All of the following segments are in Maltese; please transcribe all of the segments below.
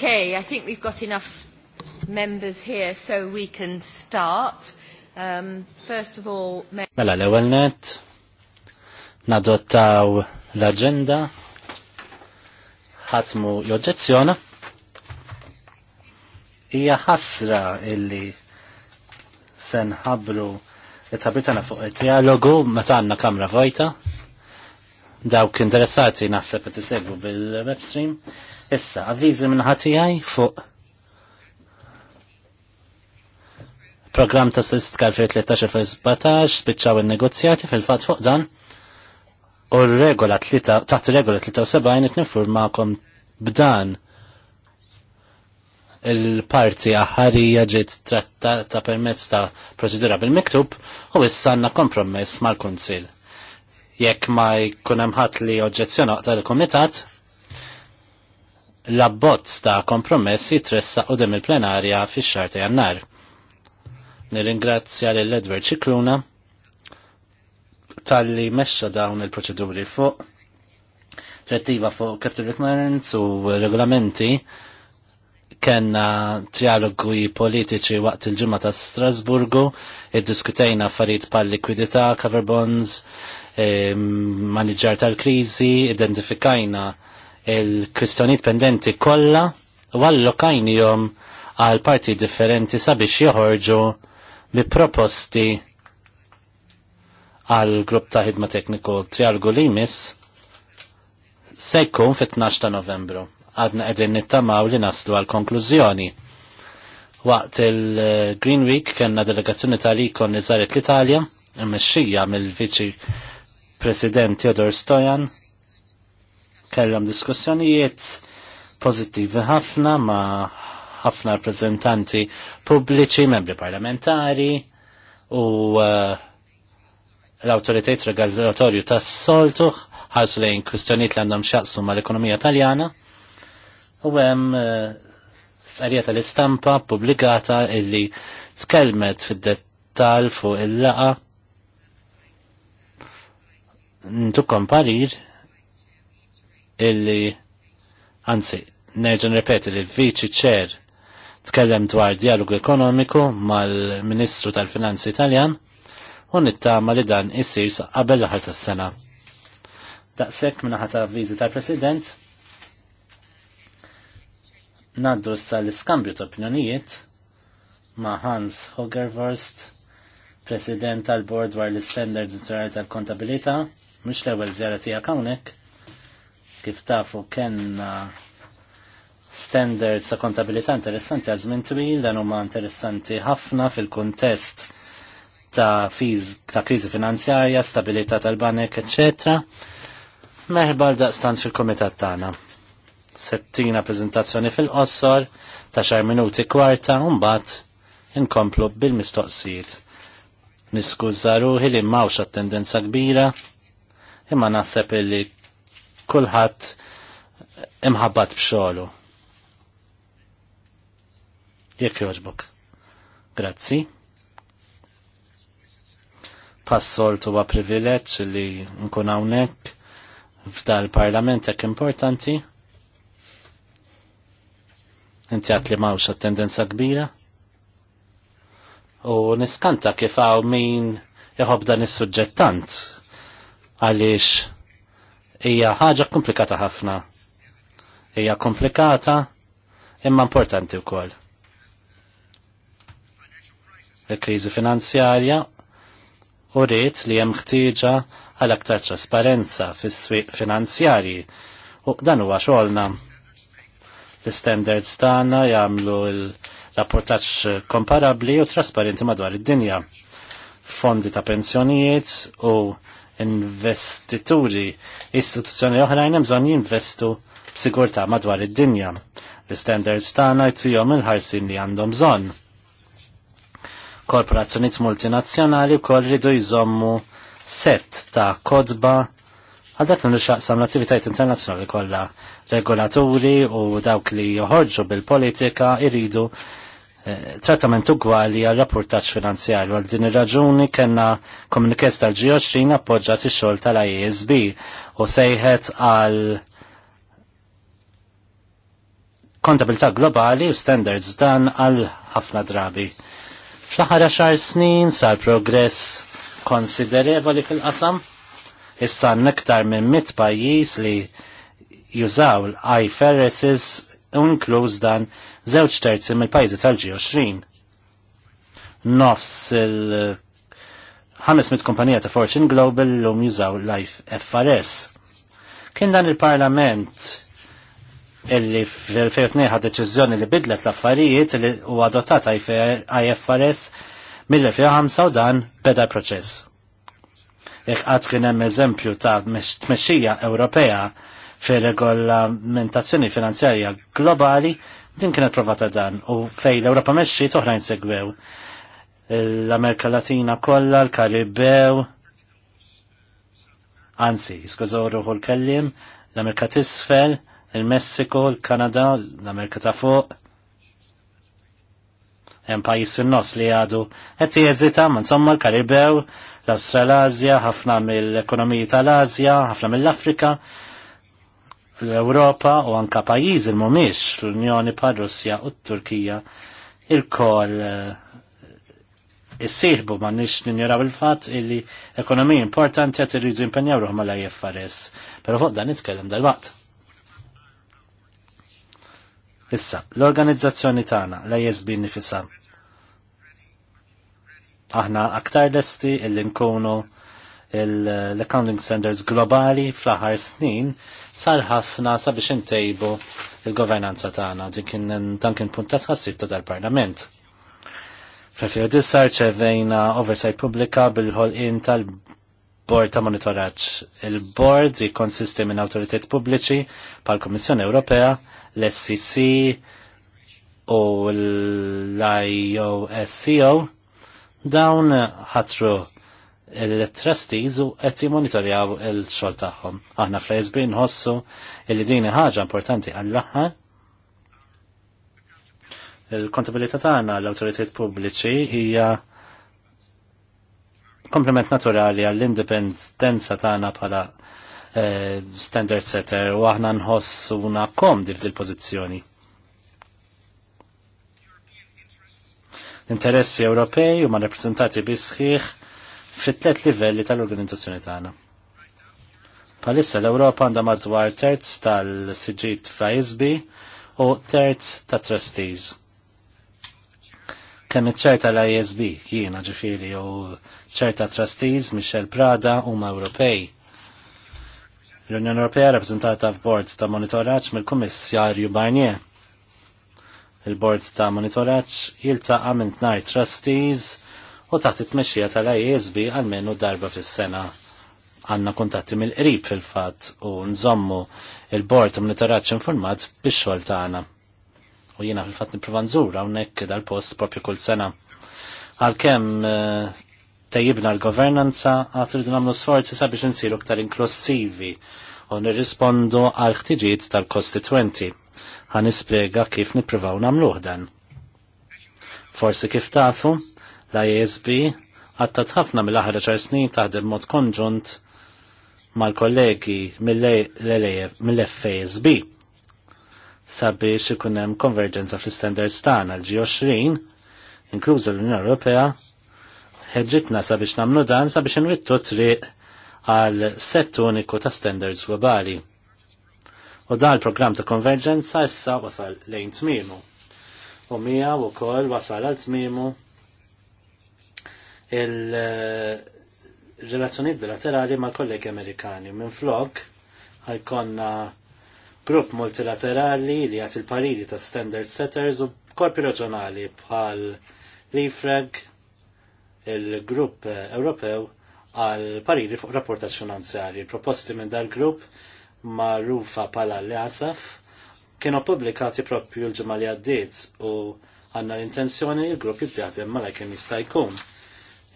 Okay, I think we've got enough members here so we can start. Um, first of all... Mela l-ewel net, nadottaw l-agenda, ħatmu l-oġezzjona, ija ħasra illi senħabru l-tabritana fuq it-dialogu meta għandna kamra vojta dawk interessati naħseb qed isegwu bil-webstream. Issa, avviżi minn ħatijaj fuq program ta' statistika 2013-2017 spiċċaw il-negozjati fil fatt fuq dan u regola taħt regola 73 it-nifurmakom b'dan il-parti aħħarija ġiet trattata permezz ta' proċedura bil-miktub u issa għandna kompromess mal-Kunsill jekk ma jkun hemm ħadd li oġġezzjona tal il-kumitat, l-abbozz ta' kompromess jitressaq qudiem il-plenarja fix-xahar ta' Jannar. Nirringrazzja lil Edward Cikluna tal-li mexxa dawn il-proċeduri fuq Trettiva fuq Captain Requirements u regolamenti kenna trialogu politiċi waqt il-ġimma ta' Strasburgu id-diskutejna affarijiet pal likwidità, cover bonds, Ehm, maniġġar tal-kriżi, identifikajna il-kwistjonijiet pendenti kollha u allokajnihom għal parti differenti sabiex joħorġu bi proposti għal grupp ta' ħidma tekniku trialgu Limis sejkun se jkun fit-12 ta' Novembru. Għadna qegħdin nittamaw li naslu għal konklużjoni. Waqt il-Green Week kellna delegazzjoni tal-ikon li żaret l-Italja, mmexxija mill-Viċi President Theodor Stojan kellhom diskussjonijiet pozittivi ħafna ma ħafna rappresentanti pubbliċi, membri parlamentari u uh, l-autoritajt Regalatorju tas soltu ħarsu lejn kustjoniet li għandhom xaqsu mal-ekonomija taljana u hemm uh, sarja tal-istampa publikata illi tkelmet fid-dettal fuq il-laqa ntu komparir illi anzi, nerġan repeti li viċi ċer tkellem dwar dialogu ekonomiku mal-Ministru tal-Finanzi Italjan u nittama li dan issir qabel l tas-sena. Daqshekk minna ħata viżi tal-President naddu issa l-iskambju ta' opinjonijiet ma' Hans Hogervorst, President tal-Bord dwar l-Standards Internazzjonali tal-Kontabilità, tal kontabilità mux l-ewel zjara tijak għawnek, kif tafu kenna standards ta' kontabilità interessanti għal żmien twil dan huma interessanti ħafna fil-kuntest ta' fiż ta' kriżi finanzjarja, stabilità tal-banek, eċċetera. Merħba daqstant fil-komitat tagħna. Settina preżentazzjoni fil-qossor ta' xar minuti kwarta u mbagħad inkomplu bil-mistoqsijiet. Niskuża ruħi li mawx attendenza kbira imma naħseb illi kulħadd imħabbat bxolu. Jekk jogħġbok. Grazzi. Passol huwa privileġġ li nkun hawnhekk f'dal-parlament hekk importanti. Inti għat li mawx tendenza kbira. U niskanta kif hawn min jħobb dan is-suġġettant għaliex hija ħaġa komplikata ħafna. Hija komplikata imma importanti wkoll. Il-kriżi finanzjarja u rrit li hemm ħtieġa għal aktar trasparenza fis-swieq finanzjarji u dan huwa xogħolna. L-standards tagħna jagħmlu l-rapportaġġ komparabbli u trasparenti madwar id-dinja. Fondi ta' pensjonijiet u investituri istituzzjoni oħrajn hemm bżonn jinvestu b'sigurtà madwar id-dinja. L-standards tagħna jtihom il-ħarsin li għandhom bżonn. Korporazzjonijiet multinazzjonali wkoll ridu jżommu set ta' kodba għal dak li xaqsam l-attivitajiet internazzjonali kollha regolaturi u dawk li joħorġu bil-politika iridu trattament ugwali għal rapportaċ finanzjarju għal din ir-raġuni kena komunikest tal G20 appoġġat ix-xogħol tal-IASB u sejħet għal kontabilità globali u standards dan għal ħafna drabi. Fl-aħħar xar snin sar progress konsiderevoli fil-qasam. Issa nektar minn mit pajjiż li jużaw l-IFRSs inkluż dan żewġ terzi mill-pajjiżi tal-G20. Nofs il- ħames mit kumpanija ta' Fortune Global l jużaw Life FRS. Kien dan il-parlament illi fil-2002 ħad deċiżjoni li bidlet l-affarijiet li u adottat IFRS mill-2005 u dan beda proċess. Jekk għad kien hemm eżempju ta' tmexxija Ewropea fir regolamentazzjoni finanzjarja globali Din kienet provata dan u fej l europa meċċi toħrajn segwew. L-Amerika Latina kollha, l-Karibew, anzi, jiskużoru hu l-kellim, l-Amerika tisfel, il-Messiko, l-Kanada, l-Amerika ta' fuq. Hemm pajjiż fin-nofs li għadu qed jeżita ma' insomma l-Karibew, l-Awstralazja, ħafna mill-ekonomiji tal azja ħafna mill-Afrika, l-Europa u anka pajiz il-mumiex l-Unjoni pa' Russja u t-Turkija il-kol jissirbu eh, ma nix ninjuraw il-fat illi ekonomija importanti għat irridu impenjaw ruħma la jeffares. Pero fuq dan nitkellem dal-waqt. Issa, l-organizzazzjoni tagħna la jesbi nifisa. Aħna aktar lesti illi nkunu l-accounting standards globali fl-aħħar snin sar ħafna sabiex intejbu il-governanza tagħna dik dan kien punt ta' tħassib ta' dal-Parlament. Fil-fil dissar ċevejna oversight pubblika bil-ħolqien tal-Bord ta' Monitoraġġ. Il-Bord jikkonsisti minn awtoritet pubbliċi pal-Kommissjoni Ewropea, l-SCC u l-IOSCO dawn ħatru il-trustees u qed monitorjaw il-xogħol tagħhom. Aħna fl-ISB nħossu li din ħaġa importanti għall-aħħar il-kontabilità tagħna l autoritet pubbliċi hija komplement naturali għall-indipendenza tagħna bħala eh, standard setter u aħna nħossu kom komdi f'dil pożizzjoni. Interessi Ewropej huma ma' rappresentati bisħiħ fit-tlet livelli tal-organizzazzjoni tagħna. Palissa l-Ewropa għandha madwar terz tal-siġit fl-ISB u terz ta' trustees. Kemm iċ ċerta tal-ISB jiena ġifieri u ċerta trustees Michel Prada huma Ewropej. L-Unjoni Ewropea rappreżentata f'bord ta' monitoraġġ mill-Kummissarju Barnier il-Bord ta' Monitoraġġ jiltaqa' minn tnar trustees u taħt it-tmexxija tal-ISB għalmenu darba fis-sena għanna kuntatti mill-qrib fil-fatt u nżommu il-bord monitoraġġ informat bix-xogħol tagħna. U jiena fil-fatt nipprova nżur hawnhekk dal-post proprju kull sena. Għalkemm eh, tejjibna l-governanza għad rridu nagħmlu sforzi sabiex insiru aktar inklusivi u nirrispondu għal ħtiġijiet tal-kostitwenti. Ħanispjega nispjega kif nippruvaw nagħmluh dan. Forsi kif tafu, l ISB għattat ħafna mill-aħħar ċar snin taħdem mod konġunt mal-kollegi mill-FASB sabiex ikun hemm konverġenza fl-standards tagħna l-G20 inkluża l-Unjoni Ewropea ħeġġitna sabiex namlu dan sabiex nwittu triq għal sett uniku ta' standards globali. U dan il-programm ta' konverġenza issa wasal lejn tmiemu. U mija u kol wasal għal tmiemu il-relazzjoniet bilaterali mal kollegi Amerikani. Minn flok ħajkonna grupp multilaterali li għat il-parili ta' standard setters u korpi reġjonali bħal l-IFREG, il-grupp Ewropew għal parili fuq rapportaċ finanzjari. Proposti minn dal-grupp marufa pala l-asaf kienu publikati propju l ġemali li għaddit u għanna l-intenzjoni il-grupp jibdijat imma la kem jkun.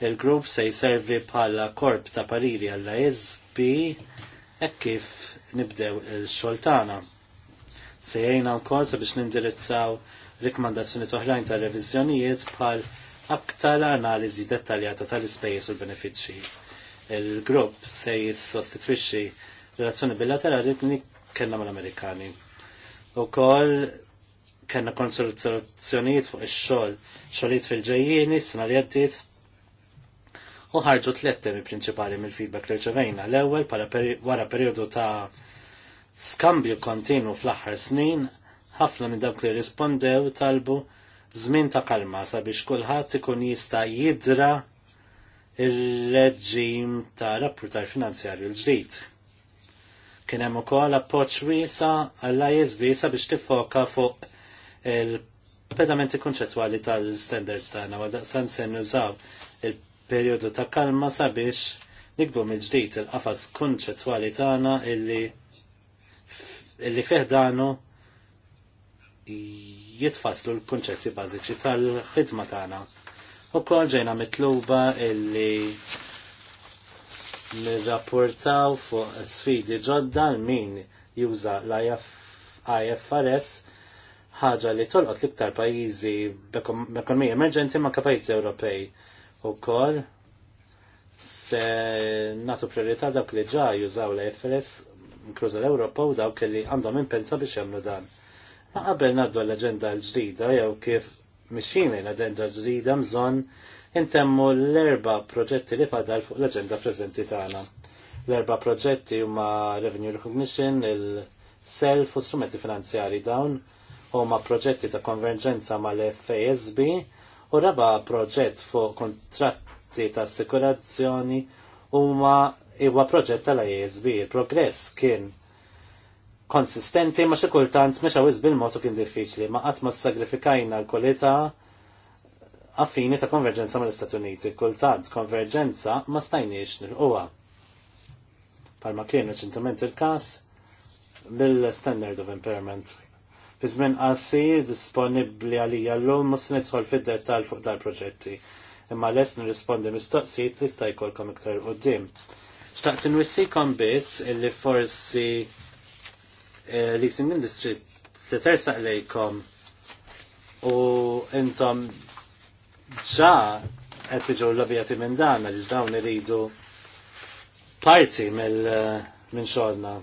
Il-grupp se jservi bħala korp ta' pariri għalla jizbi e kif nibdew il-xoltana. Se jgħina wkoll sabiex nindirizzaw rikmandazzjoni oħrajn ta' revizjonijiet bħal aktar analiżi dettaljata tal-ispejjeż u l-benefiċċji. Il-grupp se jissostitwixxi relazzjoni bilaterali li kellna mal-Amerikani. U kol kena konsultazzjonijiet fuq ix-xogħol, xogħlijiet fil-ġejjieni, s-sena li u ħarġu tliet temi prinċipali mill-feedback li ċevejna. L-ewwel wara perjodu ta' skambju kontinu fl-aħħar snin, ħafna minn dawk li rispondew talbu żmien ta' kalma sabiex kulħadd ikun jista' jidra il reġim ta' rapportar finanzjarju l-ġdid kien hemm ukoll appoċ wiesa għall ISBsa biex tiffoka fuq il-pedamenti konċettwali tal-standards tagħna u daqstan se nużaw il perjodu ta' kalma sabiex nikbu mill-ġdid il-qafas konċetwali tagħna illi illi feħdanu jitfaslu l-konċetti bażiċi tal-ħidma tagħna. Ukoll ġejna mitluba illi nirrapportaw fuq sfidi ġodda l-min juża l-IFRS ħaġa li tolqot l-iktar pajjiżi b'ekonomija emerġenti ma' pajjiżi Ewropej u kol se natu priorità dawk li ġa jużaw l-IFRS inkluż l-Ewropa u dawk li għandhom impensa biex jagħmlu dan. Ma qabel naddu l-aġenda l-ġdida jew kif mixin l agenda l-ġdida mżon intemmu l-erba proġetti li fadal fuq l-aġenda preżenti tagħna. L-erba proġetti huma Revenue Recognition, il-Self u strumenti finanzjari dawn huma proġetti ta' konverġenza mal-FASB U raba proġett fuq kontratti ta' assikurazzjoni huma huwa proġett tal-ISB. progress kien konsistenti ma xi kultant mhux hawnx bil-mod kien diffiċli ma qatt ma sagrifikajna l kulità affini ta' konverġenza mal-Istati Uniti. Kultant konverġenza ma stajniex nilquha. Palma kien reċentement il-każ lill standard of impairment fi żmien qasir disponibbli għalija llum mhux se nidħol fid dettal fuq dal-proġetti. Imma lest nirrispondi mistoqsijiet li sta jkollkom iktar qudiem. Xtaqt inwissikom biss illi forsi eh, l industri Industry se tersaq lejkom u intom ġa qed tiġu l-abjati minn dan għal dawn iridu parti mill eh, minn xogħolna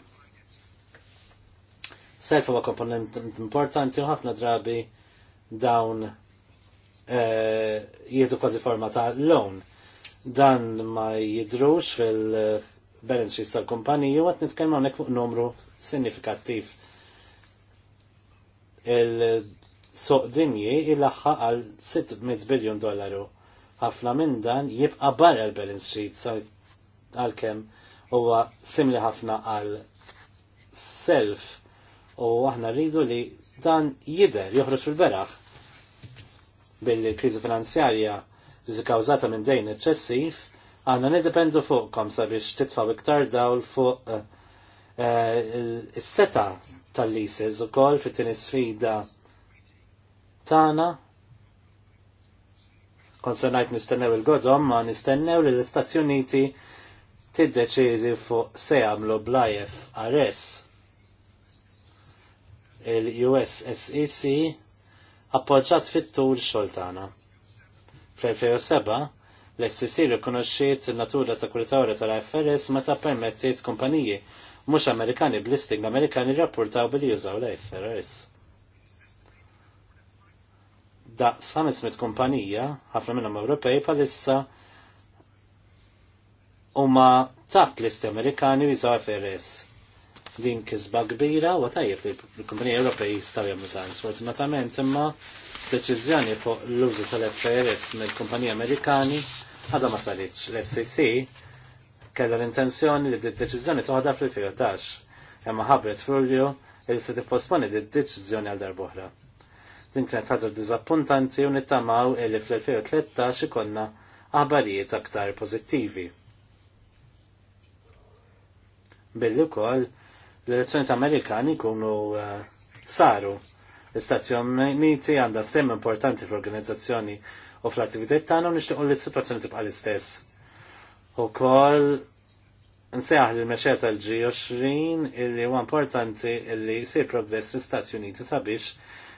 Self huwa komponent importanti u ħafna drabi dawn eh, jiedu kważi forma ta' loan. Dan ma jidrux fil-balance sheet tal-kumpaniji u għat nitkellmu hawnhekk fuq numru signifikattiv. Il-soq dinji il-laħħa għal 600 biljun dollaru. Ħafna minn dan jibqa' barra l-balance sheet għal kemm huwa simli ħafna għal self u aħna rridu li dan jider joħroġ fil-beraħ billi kriżi finanzjarja ġi kawżata minn dejn eċċessiv, għandna nidependu fuqkom sabiex titfaw iktar dawl fuq eh, eh, is-seta tal-lises ukoll fit sfida tagħna konsernajt nistennew il-godom, ma nistennew li l-Istati Uniti tiddeċiżi fuq se jagħmlu blajef Ares il-USSEC appoġġat fit-tul xoltana. Fl-2007, l-SCC e rikonoxxiet il-natura ta' kuritawra tal-IFRS meta permettiet kumpaniji mhux Amerikani bl bl-listing Amerikani rrapportaw billi jużaw l-IFRS. Da' sa mit kumpanija, ħafna minnhom Ewropej palissa huma taħt listi Amerikani u jużaw IFRS din kisba kbira u tajjeb li l-kumpanija Ewropej jistaw jgħamlu dan. Sfortunatament imma deċiżjoni fuq l-użu tal-FRS mill-kumpanija Amerikani għadha ma saritx. L-SCC e kellha l-intenzjoni li d-deċiżjoni toħda fil-2011 imma ħabret f'Lulju li se tipposponi d-deċiżjoni għal darbohra. Din kienet ħaġa diżappuntanti u nittamaw li fl-2013 ikonna aħbarijiet aktar pożittivi billi kol l-elezzjoni Amerikani kunu eh, saru. L-Istazzjoni Uniti għandha sem importanti fl-organizzazzjoni u fl-attivitajt tagħna u nixtiequ li s tibqa' l-istess. Ukoll nsejħ li l-mexxej tal-G20 illi huwa importanti li jsir progress fl-Istati Uniti sabiex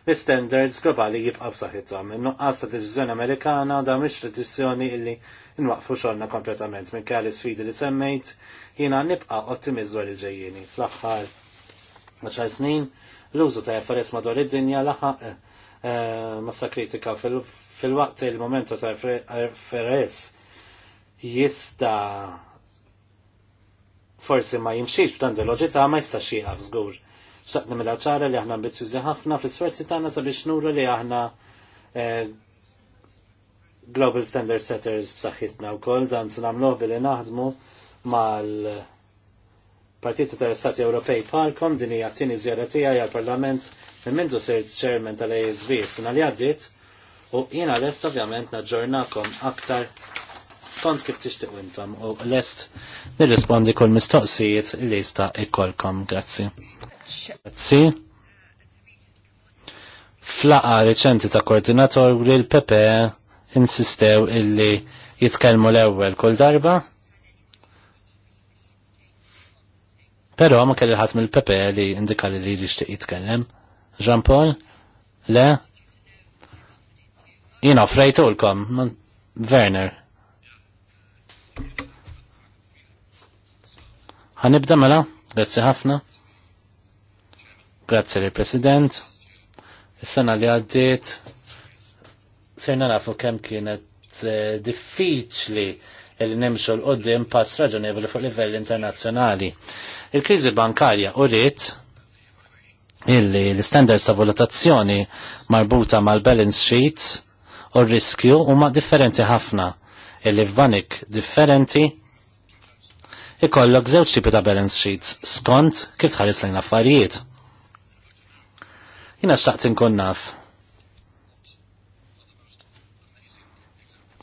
l-standards globali jibqa' b'saħħithom. In-nuqqas ta' deċizjoni Amerikana da mhix tradizzjoni illi nwaqfu xogħolna kompletament minn kelli sfidi li semmejt jiena nibqa' għal li ġejjini. Fl-aħħar 10 snin l-użu ta' FRS madwar id-dinja laħaq eh, eh, massa kritika fil-waqt il-momentu ta' FRS jista forsi ma jimxiex f'dan il-loġita ma jistax jieqaf żgur xtaqna mill ċara li aħna ambizjużi ħafna fl-isforzi tagħna sabiex nuru li aħna eh, global standard setters b'saħħitna wkoll dan se nagħmluh billi naħdmu mal Partit Stati Ewropej Palkom din hija tieni żjara tiegħi għall-Parlament minn mindu sir chairman tal-ASB sena li għaddiet u jiena lest ovvjament naġġornakom aktar skont kif tixtiequ intom u lest nirrispondi kull mistoqsijiet li jista' ikkolkom. Grazzi. Grazzi. Flaqa reċenti ta' koordinator li l-Pepe insistew illi jitkellmu l-ewwel kull darba. Però ma kelli ħadd mill-Pepe li indikali li jixtieq jitkellem. Jean Paul? Le? Jina frejtulkom, Werner. Għanibda mela, grazzi ħafna. Grazzi li President. Is-sena li għaddiet serna nafu kemm kienet eh, diffiċli li nimxu l-qoddim pass raġonevoli fuq livell internazzjonali. Il-kriżi bankarja u rrit illi l-standards ta' valutazzjoni marbuta mal-balance sheets u r-riskju huma differenti ħafna illi f'banik differenti ikollok żewġ tipi ta' balance sheets skont kif tħares lejn affarijiet Jina xaqt inkun naf.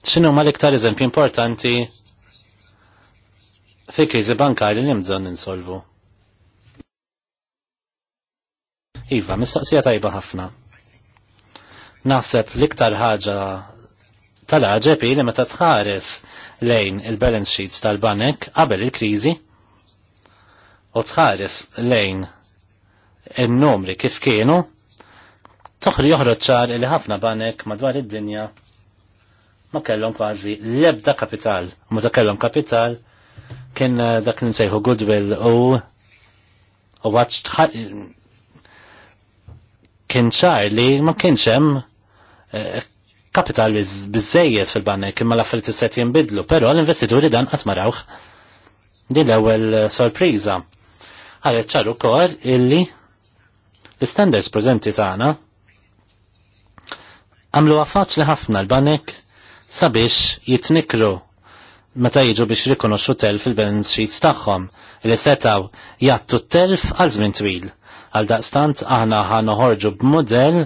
ċinu ma l-iktar eżempju importanti fi krizi bankari li mżon ninsolvu? Iva, mistoqsija tajba ħafna. Naħseb l-iktar ħaġa tal-ħagġeb li meta tħares lejn il-balance sheets tal-banek qabel il-krizi u tħares lejn il-numri kif kienu toħri joħroġ ċar li ħafna banek madwar id-dinja ma kellhom kważi l-ebda kapital. meta kellhom kapital kien eh, dak li nsejħu Goodwill u u kien ċar li ma kienx hemm eh, kapital biżejjed fil-banek imma l-affarijiet set jinbidlu, però l-investituri dan qatt marawh. Din l-ewwel eh, sorpriża. Ħareċ ċar ukoll illi l-standards prezenti tagħna għamlu għafat li ħafna l-banek sabiex jitnikru meta jiġu biex rikonoxxu telf il-balance sheets tagħhom li setaw jattu telf għal żmien twil. Għal daqstant aħna ħan noħorġu b'modell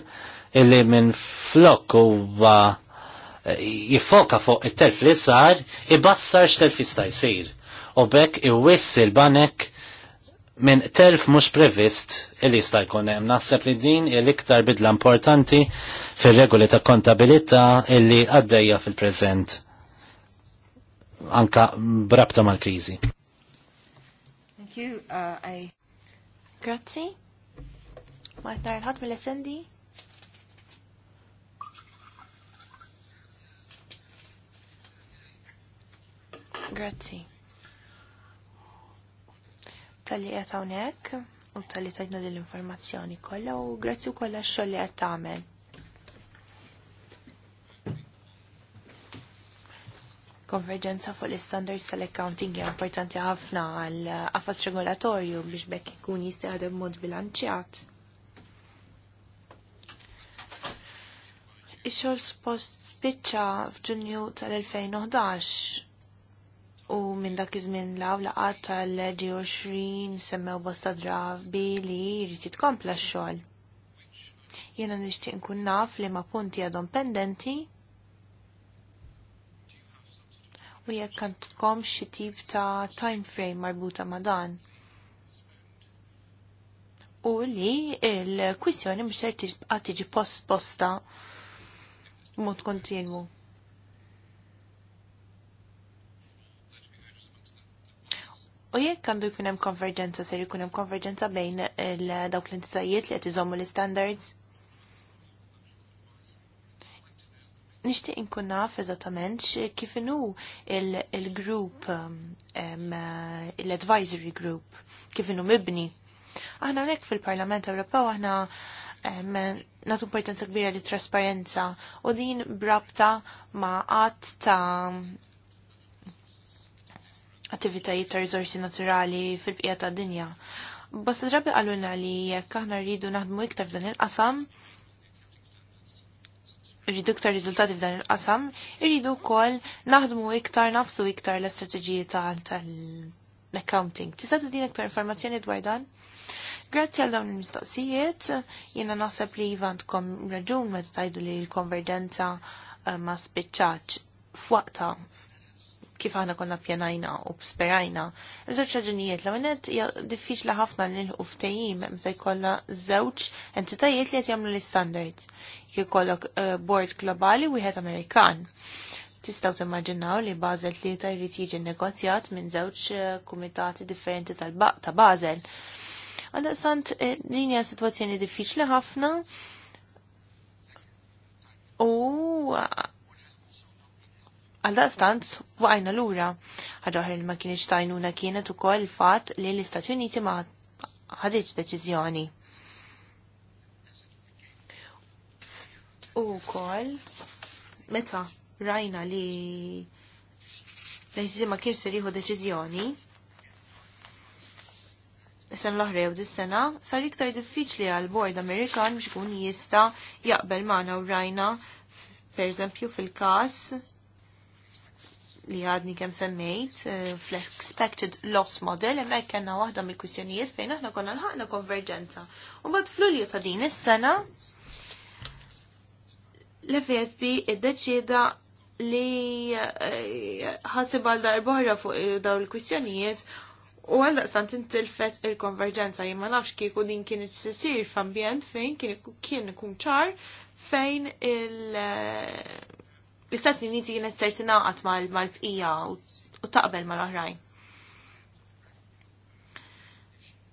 illi minn flok huwa eh, jiffoka fuq it-telf li sar ibassar x'telf jista' jsir. U bekk iwissi l-banek minn terf mhux previst il jista' jkun hemm. Naħseb li din il-iktar bidla importanti fir-regoli ta' kontabilità illi għaddejja fil-preżent anka brabta mal-kriżi. Thank you. Uh, I... Grazzi. Ma jtnar ħat mill-essendi? Grazzi tal-li qed hawnhekk u tal-li tajna l-informazzjoni kollha u grazzi u kolla xogħol li qed tagħmel. Konverġenza fuq l-standards tal-accounting hija importanti ħafna għal qafas regolatorju biex bekk ikun jista' jaħdem mod bilanċjat. Ix-xogħol spost spiċċa f'Ġunju tal-2011 u minn dak iż-żmien law laqat tal 20 semmew bosta drabi li jrid jitkompla x-xogħol. Jiena nixtieq nkun naf li ma punti għadhom pendenti u jekk għandkom xi tip ta' time frame marbuta ma' dan. U li il-kwistjoni mhux ser tibqa' tiġi post-posta mod kontinwu. U jekk għandu jkun hemm konverġenza, ser jkun hemm konverġenza bejn dawk l-entitajiet li qed iżommu l-standards? Nixtieq inkun naf eżattament kif inhu il-group, um, uh, l-advisory group, kif inhu mibni. Aħna nek fil-Parlament Ewropew aħna natu importanza kbira li trasparenza u din brabta ma' qatt ta' attivitajiet ta' rizorsi naturali fil-bqija ta' dinja. Bosta drabi għalluna li jekk aħna rridu naħdmu iktar f'dan il-qasam, rridu iktar riżultati f'dan il-qasam, rridu wkoll naħdmu iktar nafsu iktar l-istrateġiji tal-accounting. Tista' din iktar informazzjoni dwar dan? Grazzi għal dawn il-mistoqsijiet, jiena naħseb li iva kom raġun meta tajdu li l-konverġenza eh, ma spiċċaċ f'waqta kif aħna konna pjanajna u sperajna. Żewġ raġunijiet l għanet diffiċli ħafna li nilħu ftehim meta jkollna żewġ entitajiet li qed jagħmlu l-standards. Jekk eh, board globali wieħed Amerikan. Tistaw timmaġinaw li Bazel li ta' jrid jiġi negozjat minn żewġ eh, kumitati differenti ta' Basel. Għaldaqstant, eh, din hija sitwazzjoni diffiċli ħafna u Għal daqstant, waqajna l-ura. ħagħuħra li ma kienx tajnuna kienet u koll fat li l-Istati Uniti ma ħadiċ deċizjoni. U koll, meta rajna li l-Istati ma kienx seriħu deċizjoni, sen l-oħrew dis-sena, sar iktar diffiċli għal-Bord Amerikan biex kun jista jaqbel maħna u rajna, per eżempju, fil-kas li għadni kem semmejt eh, fl-expected loss model imma kena waħda mill kwissjonijiet fejn aħna konna nħaqna konverġenza. U bad f'lulju ta' din is-sena l-FSB id-deċida li eh, ħasib għal darbohra fuq daw il-kwistjonijiet u għal daqstant intilfet il-konverġenza jimma nafx kieku din kienet sisir f'ambjent fejn kien ikun ċar fejn il- l li Uniti kienet ser tingħaqad mal-bqija u taqbel mal-oħrajn.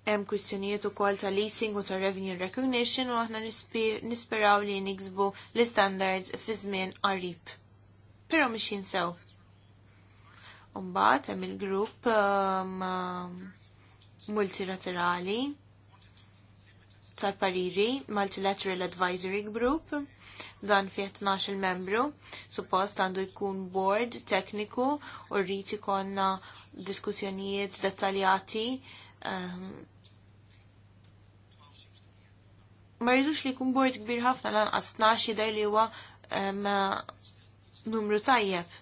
Hemm kwistjonijiet ukoll ta' leasing u ta' revenue recognition u aħna nisperaw li niksbu l-standards fi żmien qarib. Però mhix jinsew. Umbagħad hemm il-grupp um, multilaterali tal-pariri Multilateral Advisory Group dan fi 12 membru suppost għandu jkun board tekniku u rriti konna diskussjonijiet dettaljati um, ma rridux li jkun board kbir ħafna lanqas 12 jidher li huwa um, numru tajjeb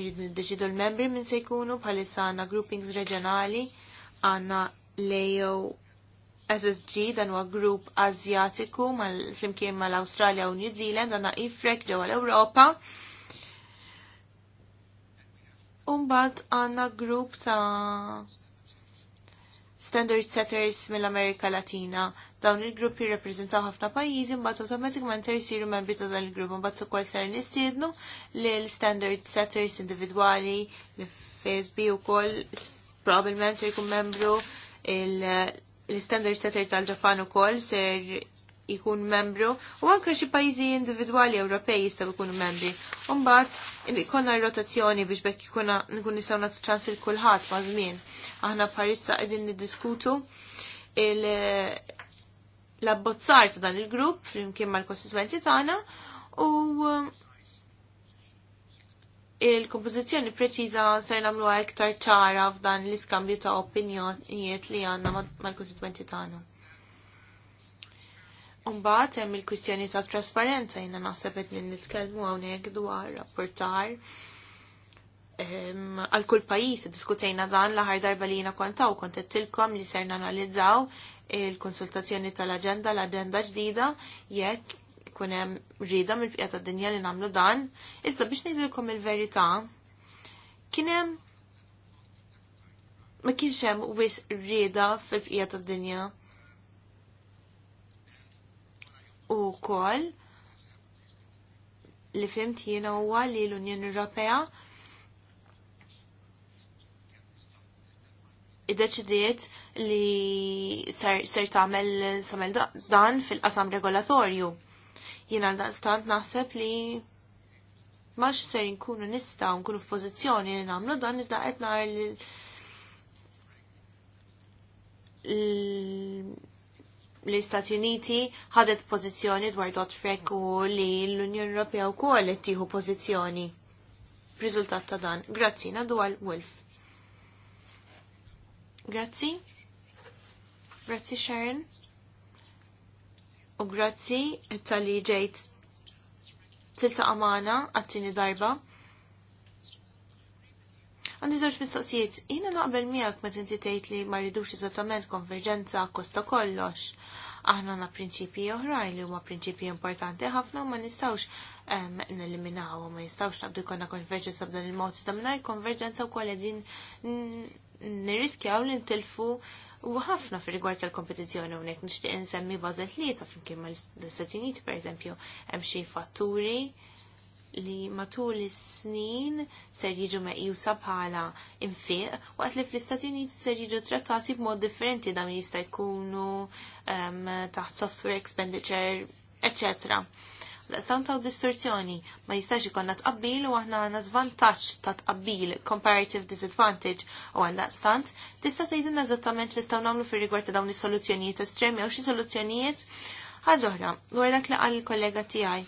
irridu deċidu l-membri minn se jkunu bħalissa għandna groupings reġjonali għandna lejo SSG dan huwa grupp Azjatiku mal-flimkien mal-Awstralja u New Zealand għandna ifrek ġewwa l-Ewropa. Umbagħad għandna grupp ta' standard setters mill-Amerika Latina. Dawn il-gruppi jirrepreżentaw ħafna pajjiżi mbagħad awtomatikament ser jsiru membri ta' dan il-grupp Mbagħad ukoll ser nistiednu lil standard setters individwali li FSB ukoll probablement se jkun membru il- l-standard setter tal-Ġapan ukoll ser ikun membru u anke xi pajjiżi individwali Ewropej jistgħu jkunu membri. Mbagħad ikollna rotazzjoni biex bekk ikuna nkun nistgħu nagħtu ċans il kulħadd ma' żmien. Aħna id qegħdin niddiskutu l-abbozzar ta' dan il-grupp flimkien mal-kostituenti tagħna u il-kompożizzjoni preċiża ser nagħmluha iktar ċara f'dan l-iskambju ta' opinjonijiet li għandna mal-konstituenti tagħna. Umbagħad hemm il-kwistjoni ta' trasparenza jiena naħseb qed nitkellmu hawnhekk dwar rapportar għal kull pajjiż diskutejna dan l-aħħar darba li jiena kontaw kont qedtilkom li ser nanalizzaw il-konsultazzjoni tal-aġenda l-aġenda ġdida jekk Kun hemm rida mill-bqija tad-dinja li nagħmlu dan, iżda biex ngħidilkom il-verità, kien hemm ma kienx hemm wis rida fil-bqija tad-dinja. U wkoll li fimt jiena huwa li l-Unjoni Ewropea id-deċidiet li ser, ser tagħmel samel dan fil-qasam regolatorju jina għal-daqstant naħseb li maċ ser nkunu nistaw nkunu f'pożizzjoni li namlu dan iżda qed nar li l-Istati Uniti ħadet pożizzjoni dwar dot frek u li l-Unjoni Ewropea wkoll qed tieħu pożizzjoni. Rizultat ta' dan. Grazzi, nadu għal Wolf. Grazzi. Grazzi Sharon u grazzi tal-li ġejt tilta għamana għattini darba. Għandi żewġ mistoqsijiet, jina naqbel miegħek meta inti tgħid li ma rridux eżattament konverġenza kosta kollox. Aħna na prinċipji oħrajn li huma prinċipji importanti ħafna u ma nistgħux ehm, neliminaw ma nistgħux nabdu jkollna konverġenza b'dan il-mod, iżda mingħajr konverġenza wkoll qegħdin nirriskjaw li ntilfu u ħafna fir rigward tal-kompetizzjoni hawnhekk nixtieq insemmi bażet li ta' flimkien mal-Istati Uniti pereżempju hemm xi fatturi li matul is-snin ser jiġu meqjusa bħala infiq waqt li fl-Istati Uniti ser jiġu trattati b'mod differenti dawn jista' jkunu ehm, taħt software expenditure, eccetera daqsam taw distorsjoni ma jistax ikonna tqabbil u aħna għandna żvantaġġ ta' tqabbil comparative disadvantage u għal daqstant tista' tgħidilna eżattament li staw nagħmlu fir-rigward ta' dawn is-soluzzjonijiet estremi u xi soluzzjonijiet ħaġa oħra dwar dak li qal il-kollega tiegħi.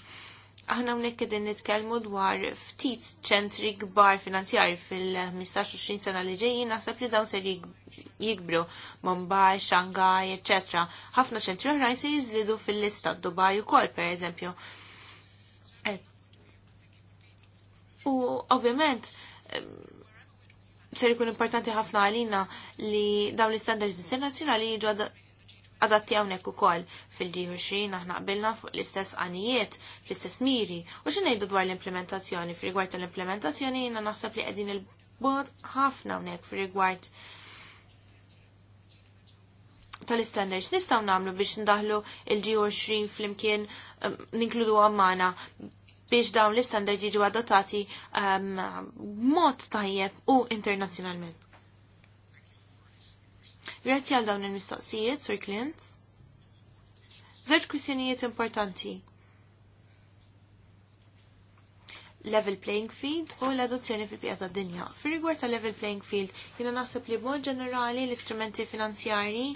Aħna hawnhekk qegħdin nitkellmu dwar ftit ċentri kbar finanzjari fil-15 sena li ġejjin naħseb li dawn ser jikbru Mumbai, Shanghai, etc. Ħafna ċentri oħrajn se jiżlidu fil-lista Dubai ukoll pereżempju. U ovvjament ser ikun importanti ħafna għalina li dawn l-standards internazzjonali jiġu adatti hawnhekk ukoll fil ġiħu 20 aħna qbilna fuq l-istess għanijiet, fl-istess miri. U x'ngħidu dwar l-implementazzjoni? fil rigward tal-implementazzjoni jiena naħseb li qegħdin il-bod ħafna hawnhekk fir-rigward tal-standards nistgħu nagħmlu biex ndaħlu il-G20 flimkien ninkludu għammana biex dawn l-istandard jiġu adottati um, mod tajjeb u internazzjonalment. Grazzi għal dawn il-mistoqsijiet, Sir Clint. Zerġ kwistjonijiet importanti. Level playing field u l-adozzjoni fil-pjata dinja. Fir-rigward ta' level playing field, jina naħseb li b'on ġenerali l-istrumenti finanzjari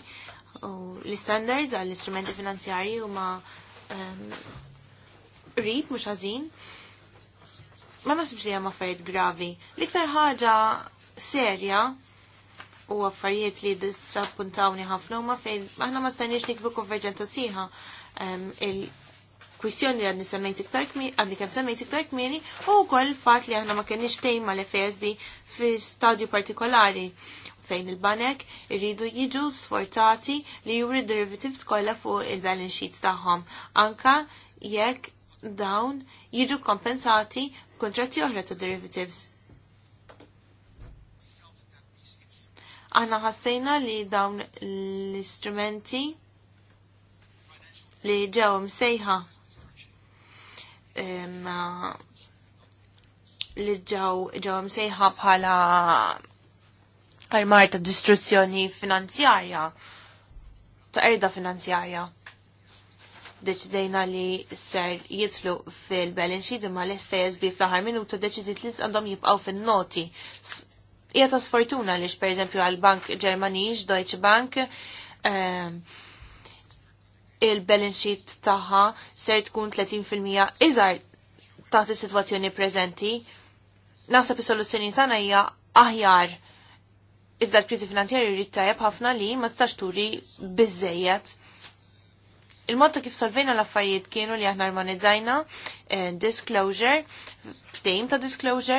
u l-standards għall istrumenti finanzjari u ma um, rib mhux ħażin. Ma nasibx li hemm affarijiet gravi. L-iktar ħaġa serja u affarijiet li disappuntawni ħafna huma fejn aħna ma stajniex nikbu konverġenza siħa kwistjoni li għadni semmejt iktar kmini, għadni kem semmejt iktar kmini, u kol fat li għahna ma kienix tejma l FSB fi stadju partikolari fejn il-banek irridu jiġu sfortati li juri derivatives kolla fuq il-balance sheets tagħhom. Anka jekk dawn jiġu kompensati kontratti oħra ta' derivatives. Aħna ħassejna li dawn l-istrumenti li ġew msejħa li ġew ġew msejħa bħala armar ta' distruzzjoni finanzjarja ta' erda finanzjarja deċidejna li ser jitlu fil-balance sheet imma l-FSB fl-aħħar minuta deċidit li għandhom jibqaw fin-noti. Hija ta' sfortuna li per eżempju għal-Bank Ġermaniġ, Deutsche Bank, ehm, il-balance sheet tagħha ser tkun 30% iżgħar taħt is-sitwazzjoni preżenti. Naħseb is-soluzzjoni tagħna hija aħjar iżda l-kriżi finanzjarju jrid tajjeb ħafna li ma tistax turi biżejjed il-mod kif solvejna l-affarijiet kienu li aħna armonizzajna eh, disclosure, ftejim ta' disclosure,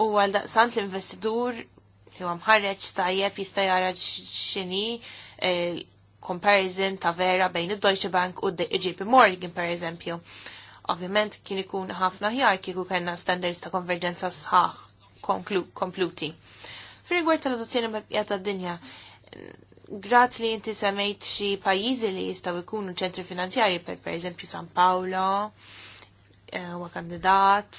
u għal daqsant l-investitur li huwa mħarreġ tajjeb jista' jara x'inhi eh, comparison ta' vera bejn id-Deutsche Bank u JP Morgan per eżempju. Ovvjament kien ikun ħafna ħjar kieku kellna standards ta' konverġenza sħaħ kompluti. Fir-rigward tal-adozzjoni mal-pjata d-dinja, grat li inti semmejt xi pajjiżi li jistgħu jkunu ċentri finanzjarji per pereżempju San Paolo eh, huwa kandidat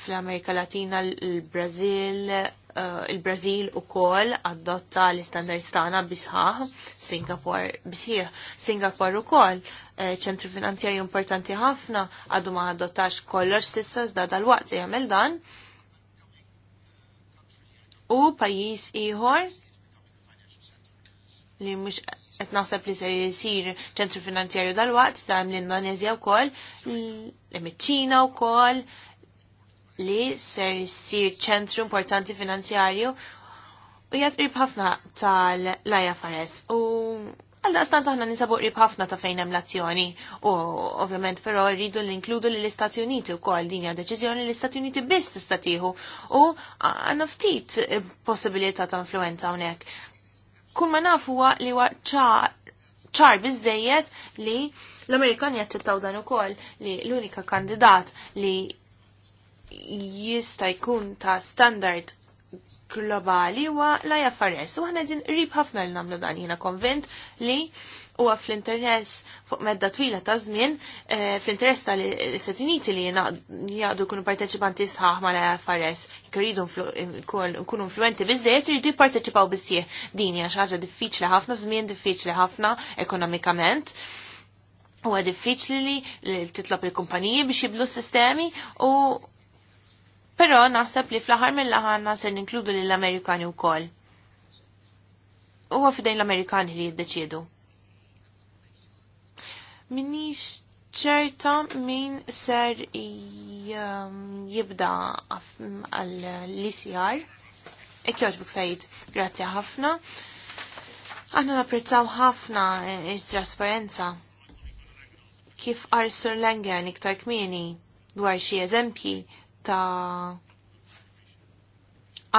fl-Amerika Latina l-Brażil eh, il-Brażil ukoll adotta l-istandards tagħna bisħaħ, Singapore Singapur u ukoll eh, ċentru finanzjarju importanti ħafna għadu ma adottax kollox stessa zda dal-waqt jagħmel dan. U pajjiż ieħor li mhux qed naħseb li ser jisir ċentru finanzjarju dal-waqt ta' l-Indonezja wkoll, l-Ċina wkoll li ser jisir ċentru importanti finanzjarju u jgħat qrib ħafna tal-Laja Fares u għalda daqstant aħna nisabu qrib ħafna ta' fejn hemm l-azzjoni u ovvjament però rridu l-inkludu l-Istati Uniti wkoll din dinja deċiżjoni l-Istati Uniti biss tista' tieħu u għanna ftit possibilità ta' influenza hawnhekk kull ma nafu li huwa ċar biżejjed li l-Amerikani jaċċettaw dan ukoll li l-unika kandidat li jista' jkun ta' standard globali huwa la jaffares. U ħana din rib ħafna li nagħmlu dan jiena konvent li huwa fl-interess fuq medda twila ta' żmien eh, fl-interess tal-Istati Uniti li jgħadu jkunu parteċipanti sħaħ mal FRS jkunu kunu influenti biżejjed jridu parteċipaw biżjed. Din hija xi ħaġa diffiċli ħafna żmien diffiċli ħafna ekonomikament. Huwa diffiċli li titlob il-kumpaniji biex jiblu sistemi u però naħseb li fl ħar mill-aħħar se ninkludu lill-Amerikani wkoll. Huwa fidejn l-Amerikani li jiddeċiedu Minix ċerta min ser um, jibda għall-ICR. Ekkjoġbuk sajid, Grazja ħafna. Aħna napprezzaw ħafna e, il-trasparenza. Kif Arsur Lengen iktar kmini dwar xi eżempji ta'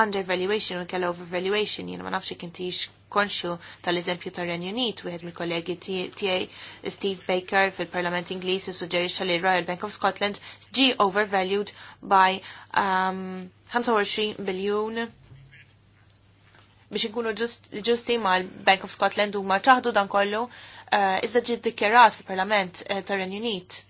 undervaluation u kella overvaluation, jien ma nafx kintix konxu tal-eżempju ta' renju Unit, għed mill-kollegi tiegħi Steve Baker fil-Parlament Ingliż issuġġerixxa li Royal Bank of Scotland ġi overvalued by um, 25 biljun biex inkunu ġusti mal Bank of Scotland huma ċaħdu dan kollu uh, iżda ġi dikjerat fil-Parlament uh, tar renju Unit.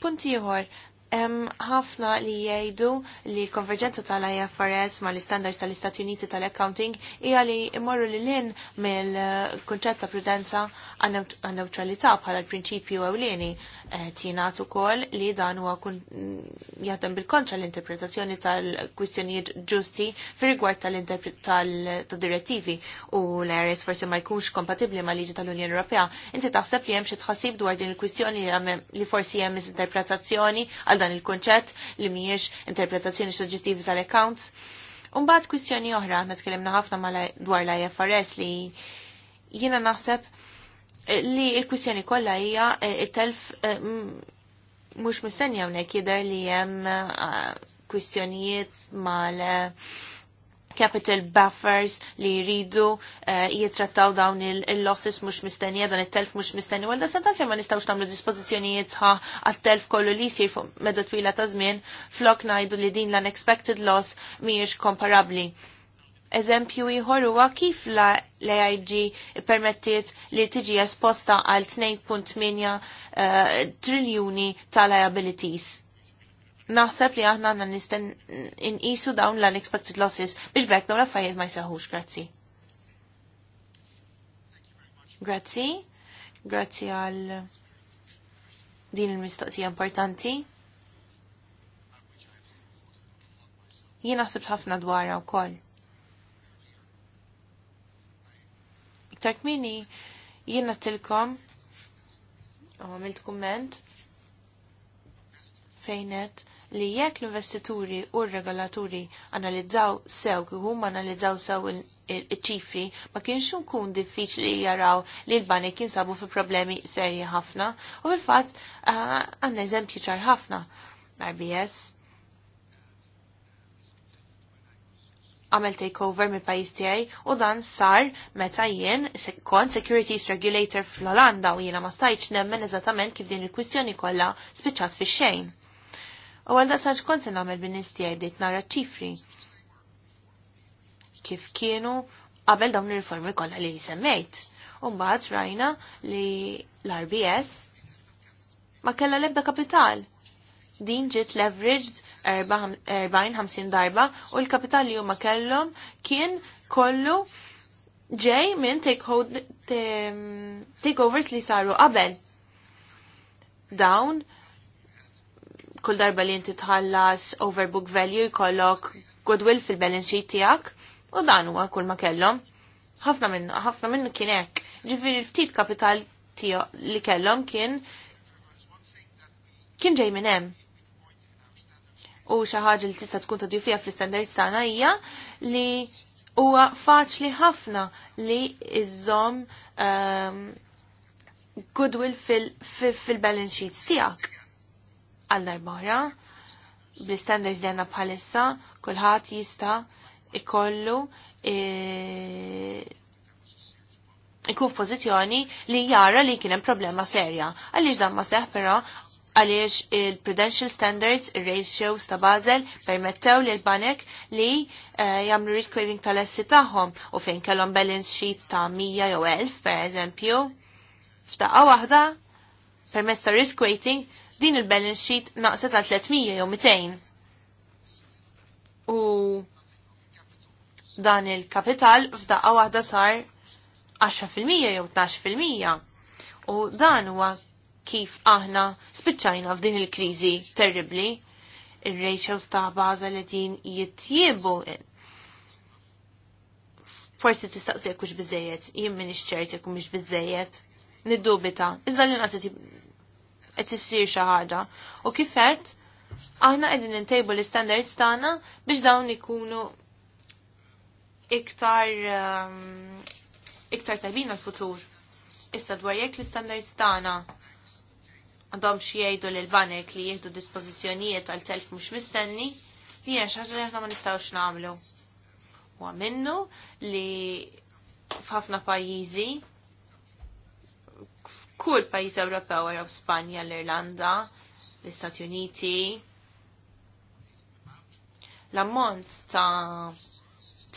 Punti juħor, Hemm ħafna li jgħidu li l-konverġenza tal-IFRS ma l-istandards tal-Istati Uniti tal-accounting hija li mmorru li lin mill-kunċett ta' prudenza għan-neutralità bħala l-prinċipju ewlieni eh, tingħat ukoll li dan huwa jaħdem bil-kontra l-interpretazzjoni tal-kwistjonijiet ġusti fir-rigward tal-direttivi u l-IRS forsi ma jkunx kompatibbli ma' liġi tal-Unjoni Ewropea. Inti taħseb li hemm xi tħassib dwar din il-kwistjoni li forsi hemm misinterpretazzjoni għal dan il-konċett li mhijiex interpretazzjoni soġġettivi tal-accounts. Umbagħad kwistjoni oħra aħna tkellimna ħafna dwar l-IFRS li jiena naħseb eh, li l-kwistjoni kollha hija eh, il telf eh, mhux mistennija hawnhekk jidher li hemm kwistjonijiet mal capital buffers li jridu eh, jitrattaw dawn il-losses mux mistennija, dan il-telf mux mistennija, Għalda da sentan ma nistawx namlu dispozizjonijiet ha għal-telf kollu li jisir fuq medda twila ta' zmin, flok najdu li din l-unexpected loss miex komparabli. Eżempju ieħor huwa kif la l-AIG permettiet li tiġi esposta għal 2.8 uh, eh, triljuni ta' liabilities naħseb li aħna għanna nisten in-isu dawn l-unexpected losses biex bekk dawn l ma jisaħux, grazzi. Grazzi, grazzi għal din il-mistoqsija importanti. Jien naħseb ħafna u koll. Iktar kmini jien nattilkom għamilt komment, fejnet li jekk l-investituri u r-regolaturi analizzaw sew kif huma analizzaw sew iċ-ċifri ma kienx nkun diffiċli jaraw li l-banek jinsabu fi problemi serji ħafna u fil-fatt għandna eżempju ċar ħafna. RBS għamel takeover mill pajis tiegħi u dan sar meta jien kont Securities Regulator fl-Olanda u jiena ma stajtx nemmen eżattament kif din il-kwistjoni kollha spiċċat fix-xejn. U għal daqsan xkont se nagħmel bin-nistijaj bdejt nara ċifri kif kienu qabel dawn il-reformi kollha li jisemmejt. U mbagħad rajna li l-RBS ma kellha l-ebda kapital. Din ġiet leveraged 40-50 darba u l-kapital li huma kellhom kien kollu ġej minn takeovers li saru qabel. Dawn kull darba li inti tħallas overbook value jkollok goodwill fil-balance sheet tiegħek u dan huwa kull ma kellhom. Ħafna minnu, ħafna minnu kien hekk. Ġifieri ftit kapital li kellhom kien kien ġej minn hemm. U xi ħaġa li tista' tkun tadju fiha fl-istandards tagħna hija li huwa faċli ħafna li iżżomm ehm, goodwill fil-balance sheets tiegħek għal darbora bl-standards dejna għanna bħalissa kulħadd jista' ikollu e, ikun pozizjoni li jara li kien hemm problema serja. Għaliex dan ma seħ però għaliex il-Prudential Standards, il ratio ta' Bazel permettew li l-banek li e, jamlu risk waving tal-essi tagħhom u fejn kellhom balance sheets ta' 100 jew 1000 per eżempju. F'daqqa waħda, permezz ta' risk weighting, din il-balance sheet naqset għal 300 jew 200. U dan il-kapital f'daqqa waħda sar 10% jew 12%. U dan huwa kif aħna spiċċajna f'din il-kriżi terribli. Ir-ratios ta' baża li din jittjiebu. Forsi tistaqsi kux biżejjed, jien iċċerti ċerti kumiex Niddubita, iżda li naqset qed issir xi ħaġa. U kif qed aħna qegħdin intejbu l-istandards tagħna biex dawn ikunu iktar um, iktar tajbin għal-futur. Issa dwar jekk l-istandards tagħna għandhom xi jgħidu lil banek li jieħdu dispożizzjonijiet għal telf mhux mistenni, li hija xi ħaġa li aħna ma nistgħux nagħmlu. Huwa minnu li f'ħafna pajjiżi kull pajjiż Ewropew għaraw Spanja, l-Irlanda, l-Istati Uniti. L-ammont ta'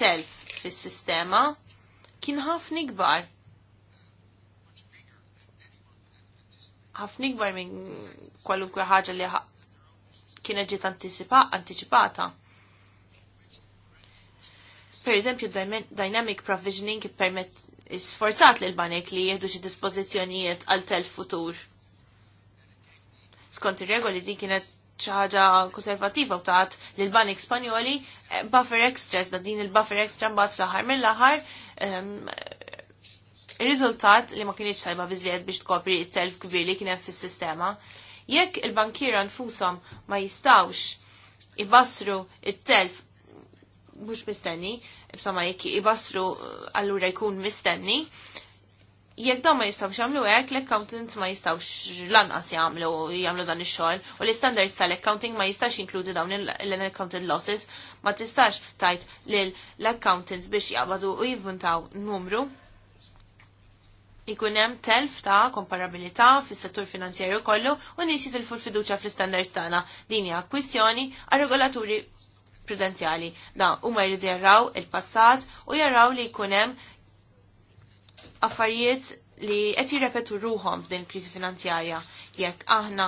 telf fis-sistema kien ħafna ikbar. ħafna ikbar minn kwalunkwe ħaġa li kienet ġiet anticipata. Per eżempju, dynamic provisioning permet sforzat li l-banek li jieħdu xi dispożizzjonijiet għal tel futur. Skont ir-regoli din kienet ċaħġa konservativa u taħt li l-banek spanjoli eh, buffer extra da din il-buffer extra mbagħad fl-aħħar mill-aħħar ir-riżultat ehm, li ma kienieċ sajba biżjed biex tkopri t telf kbir li kien hemm fis-sistema. Jekk il-bankiera nfushom ma jistawx ibassru t telf mhux mistenni, insomma jekk ibasru eh, allura jkun mistenni, jekk dawn ma jistawx jagħmlu hekk, l-accountants ma jistawx lanqas jagħmlu jagħmlu dan ix-xogħol u l-istandards tal-accounting ma jistax jinkludi dawn l accounted losses, ma tistax tajt lil l-accountants biex jaqbadu u jivvuntaw numru ikun hemm telf ta' komparabilità fis-settur finanzjarju kollu u nies jitilfu l-fiduċja fl-istandards tagħna. Din hija kwistjoni għar-regolaturi prudenzjali. Da, huma jridu jarraw il-passat u jarraw li jkun hemm affarijiet li qed jirrepetu ruhom f'din kriżi finanzjarja. Jekk aħna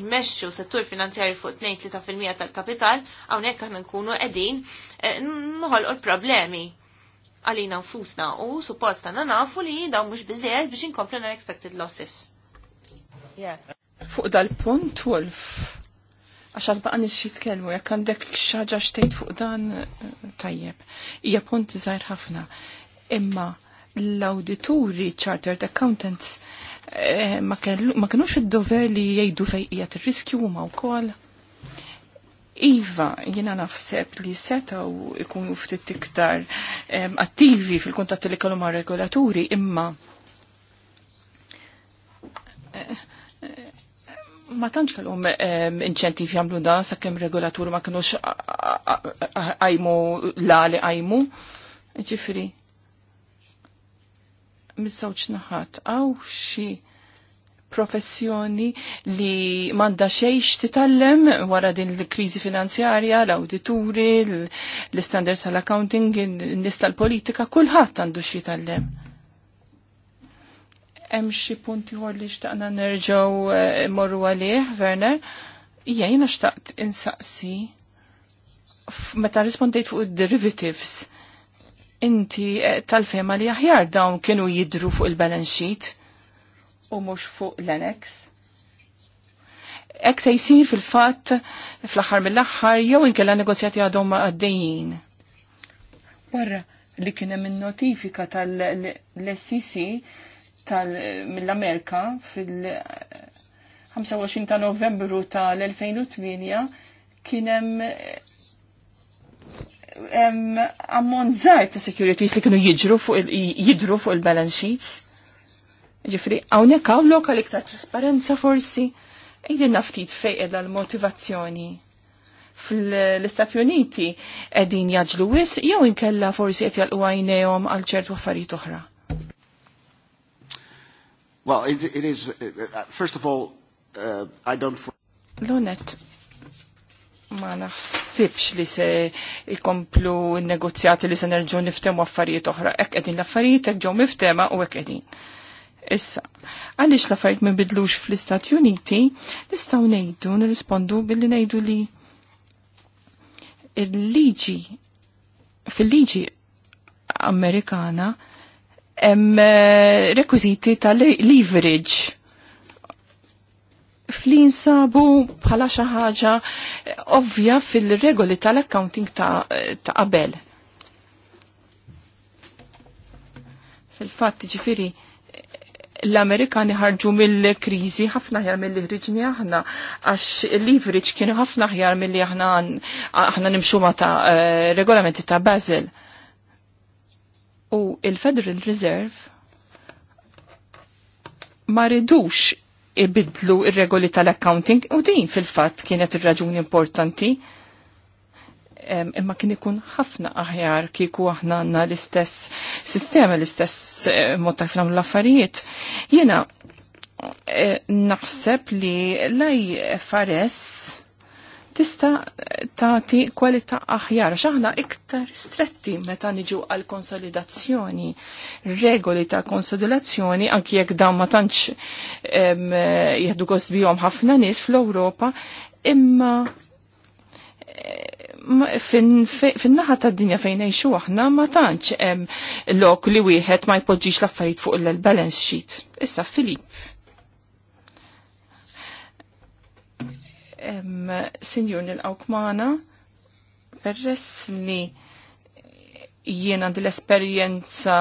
immexxu settur finanzjarju fuq 2-3% tal-kapital, hawnhekk aħna nkunu qegħdin eh, noħolqu l-problemi għalina nfusna u supposta na nafu li dawn mhux biżejjed biex inkomplu unexpected losses. Yeah. Fuq dal-punt Wolf għax għazbaqa nis jitkellmu, jekk għandek xaġa xtejt fuq dan tajjeb. Ija punt zaħir ħafna. Imma l-auditori chartered accountants eh, ma kienux id-dover li jgħidu fejqija t-riskju ma u kol. Iva, jina nafseb li u ikunu ftit iktar eh, attivi fil-kontatti li kellhom regolaturi, imma eh, ma tantx kellhom ehm, inċentiv jagħmlu da sakemm regolatur ma kinux għajmu lali li għajmu. Ġifri, żewġ naħat, għaw xi professjoni li manda xejx titallem wara din l-krizi finanzjarja, l-awdituri, l-standards tal accounting n-nista l-politika, kullħat għandu jitgħallem hemm xi punti ħor li xtaqna nerġgħu eh, morru għalih, Werner, jgħajna xtaqt insaqsi meta rispondejt fuq id-derivatives. Inti eh, tal-fema li aħjar dawn kienu jidru fuq il-balance sheet u mhux fuq l-annex. Ek se jisir fil-fatt fl-aħħar mill-aħħar jew inkella negozjati għadhom għaddejjin. Barra li kien hemm notifika tal-SCC e mill-Amerika fil-25 ta' novembru tal-2008 kienem ammont zaħir ta' securities li kienu jidru fuq il-balance sheets. Ġifri, għawnek għaw lokal iktar trasparenza forsi. Ejdin naftit fej edha l-motivazzjoni fl-Istati Uniti edin jaġlu wis, jew inkella forsi qed jalqu għajnejhom għal ċertu affarijiet oħra. Well, it, it is, uh, uh, uh, first of all, uh, I don't... Lunet, ma naħsibx li se ikomplu negozjati li se nerġu niftemu affarijiet oħra. Ek edin l-affarijiet, ek ġew miftema u ek edin. Issa, għalix l-affarijiet ma bidlux fl-Istati Uniti, nistaw nejdu, nirrispondu billi nejdu li il-liġi, fil-liġi Amerikana, Eh, rekwiziti tal-leverage flin sabu bħala xi ħaġa eh, ovvja fil-regoli tal-accounting ta' eh, qabel. Fil-fatt ġifiri l-Amerikani ħarġu mill-krizi ħafna ħjar mill-li ħriġni aħna, għax l-leverage kienu ħafna ħjar mill-li aħna, aħna nimxu ma ta' regolamenti ta' Basel u il-Federal Reserve ma ridux ibidlu il regoli tal-accounting u din fil-fatt kienet ir-raġuni importanti imma kien ikun ħafna aħjar kieku aħna għandna l-istess sistema, l-istess eh, mod ta' flam l-affarijiet. Jena eh, naħseb li l-IFRS tista tagħti kwalità aħjar x'aħna iktar stretti meta niġu għal konsolidazzjoni. Regoli ta' konsolidazzjoni anki jekk dam ma tantx jieħdu gost bijom ħafna nies fl-Ewropa, imma fin-naħa ta' dinja fejn ngħixu aħna ma tantx lok li wieħed ma jpoġġix l-affarijiet fuq il-balance sheet. Issa Filip. Sinjur nil-għawk maħna, peress li jiena għandi l-esperienza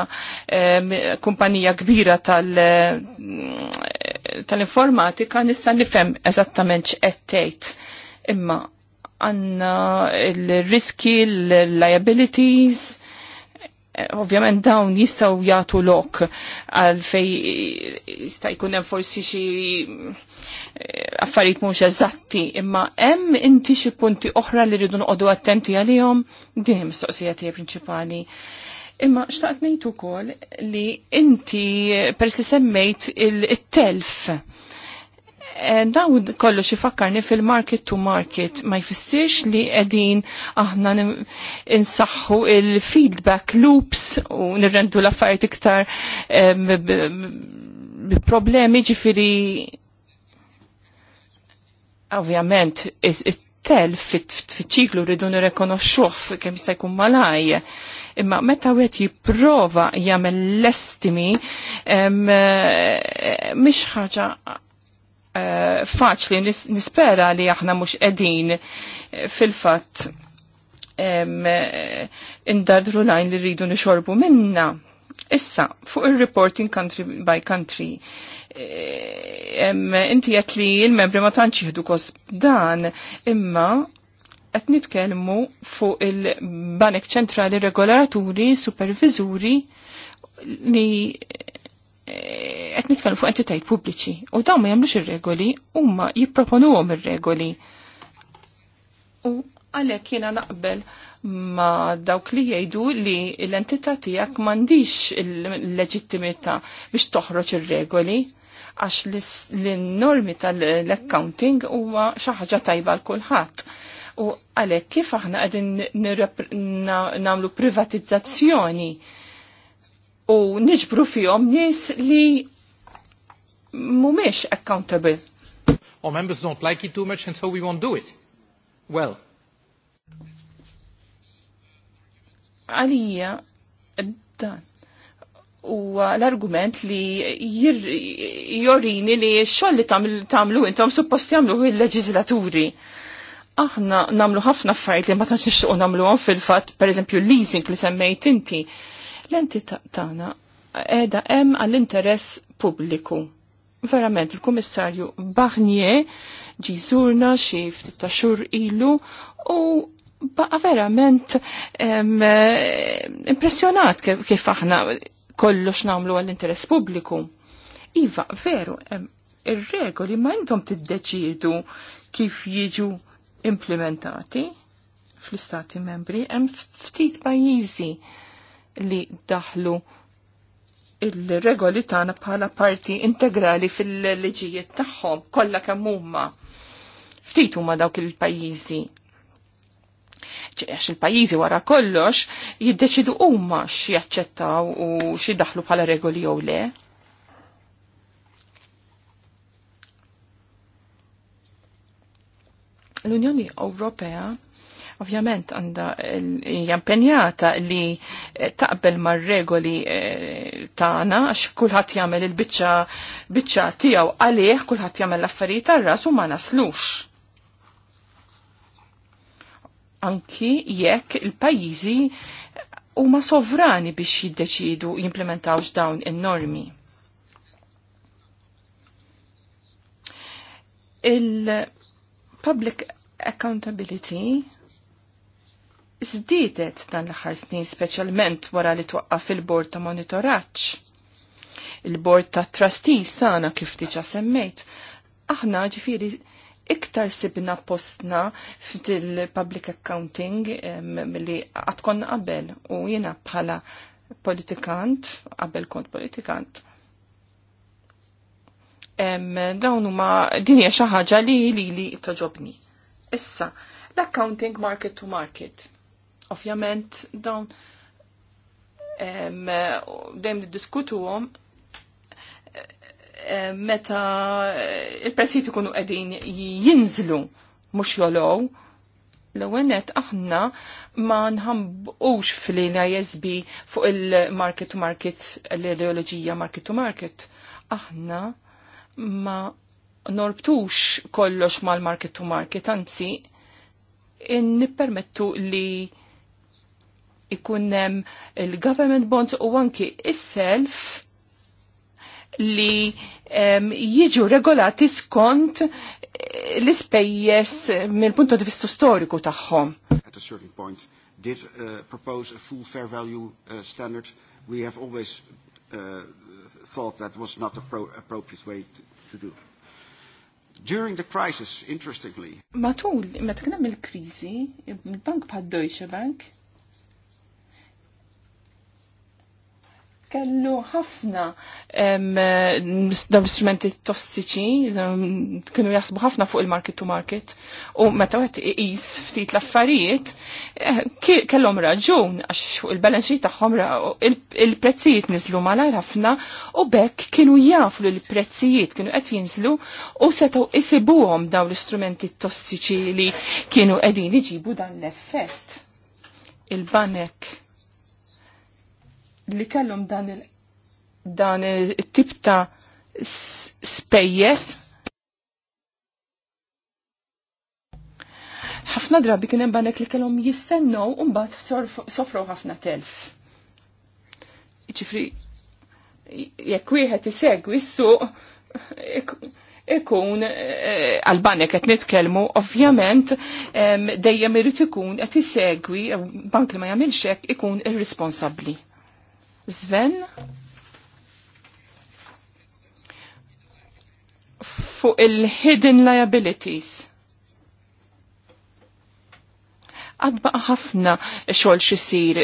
kumpanija kbira tal-informatika tal nista' nifhem eżattament x'qed Imma għandna l-riski, l-liabilities, Eh, ovvjament dawn jistaw jagħtu lok għal fej eh, jista' jkun hemm forsi xi eh, affarijiet mhux eżatti, imma hemm inti xi punti oħra li rridu noqogħdu attenti għalihom din mistoqsija tiegħi prinċipali. Imma xtaqt ngħid ukoll li inti persi semmejt il-telf. il telf Eh, daw kollu xifakkarni fil-market to market ma jfissirx li edin aħna insaxħu il-feedback loops u nirrendu l-affarijiet iktar problemi ġifiri ovvjament tel fit-ċiklu rridu nirekonoxxuh kemm jista' jkun malaj. Imma meta wieħed jipprova jagħmel l-estimi eh, mhix ħaġa Eh, faċli nispera li aħna mhux qegħdin eh, fil-fatt eh, indardru lajn li rridu nixorbu minna. Issa, fuq il-reporting country by country, inti qed li il-membri ma tantx jieħdu kos dan, imma qed nitkellmu fuq il-Banek Ċentrali Regolaturi, Supervizuri li qed nitkellmu fuq entitajt pubbliċi u dawn ma jagħmlux ir-regoli huma jipproponuhom ir-regoli. U għalhekk jiena naqbel ma dawk li jgħidu li l-entità tiegħek m'għandix il-leġittimità biex toħroġ ir-regoli għax l-normi tal-accounting huwa xi ħaġa tajba l kulħadd. U għalhekk kif aħna qegħdin nagħmlu privatizzazzjoni u niġbru fihom nies li mhumiex accountable. Or members don't like it too much and so we won't do it. Well. Għalija, dan. U l-argument li jorini li xoll li tamlu intom suppost jamlu il-leġizlaturi. Aħna namlu ħafna affarijiet li ma tantx nixtiequ namluhom fil-fatt, pereżempju leasing li semmejt inti L-entità tagħna qiegħda hemm għall-interess pubbliku. Verament il-Kummissarju Barnier ġiżurna xi ftit ta' xhur ilu u baqa verament impressjonat kif aħna kollox namlu għall-interess pubbliku. Iva, veru, ir-regoli ma intom tiddeċidu kif jiġu implementati fl-istati membri, hemm ftit pajjiżi li daħlu il-regoli tagħna bħala parti integrali fil-liġijiet tagħhom kollha kemm huma. Ftit huma dawk il-pajjiżi. Għax il-pajjiżi wara kollox jiddeċidu huma xi jaċċettaw u xi daħlu bħala regoli jew le. L-Unjoni Ewropea Ovvjament għanda jampenjata li eh, taqbel mar regoli eh, tagħna għax kullħat jagħmel il-biċċa biċċa tiegħu għalih kulħadd jagħmel l-affarijiet tar-ras u ma naslux. Anki jekk il-pajjiżi huma sovrani biex jiddeċidu jimplementawx dawn in-normi. Il-public accountability zdidet dan l-aħħar snin speċjalment wara li twaqqaf il-bord ta' monitoraġġ. Il-bord ta' trustees tagħna kif diġà semmejt. Aħna ġifieri iktar sibna postna fil-public accounting li għatkonna qabel u jiena bħala politikant, qabel kont politikant, dawn huma din hija xi ħaġa li li li toġobni. Issa, l-accounting market to market. Ovvjament dawn dejjem diskutuhom meta il-prezzijiet ikunu qegħdin jinżlu mhux jolgħu l ewwel nett aħna ma nħambqux fil-ISB fuq il-market to market, l ideoloġija market to market. Aħna ma norbtux kollox mal-market to market, anzi, nippermettu li ikun hemm il-government bonds u anki is-self li um, jiġu regolati skont eh, l-ispejjes mill-punt di vista storiku tagħhom. At a certain point did uh, propose a full fair value uh, standard. We have always uh, thought that was not the pro appropriate way to, to do. During the crisis, interestingly. Matul, meta kien hemm il-kriżi, bank pa' Deutsche Bank, kellu ħafna dawn l-istrumenti tossiċi, kienu jasbu ħafna fuq il-market to market, u meta għet iqis ftit l-affarijiet, eh, kellhom raġun, għax fuq il-balance sheet tagħhom il-prezzijiet niżlu malajr ħafna, u bekk kienu jafu li l-prezzijiet kienu qed jinżlu u setgħu isibuhom dawn l-istrumenti tossiċi li kienu qegħdin iġibu dan l-effett. Il-banek li kellhom dan il dan il-tip ta' spejjes. ħafna drabi kien hemm banek li kellhom jistennew u mbagħad sofru ħafna telf. Iċifri, jekk wieħed isegwi s-suq, ikun eh, għalbanek banek qed nitkellmu, ovvjament dejjem irid ikun qed isegwi bank li ma jagħmilx hekk ikun irresponsabbli. Sven fuq il-hidden liabilities. Għadbaqa ħafna xogħol xisir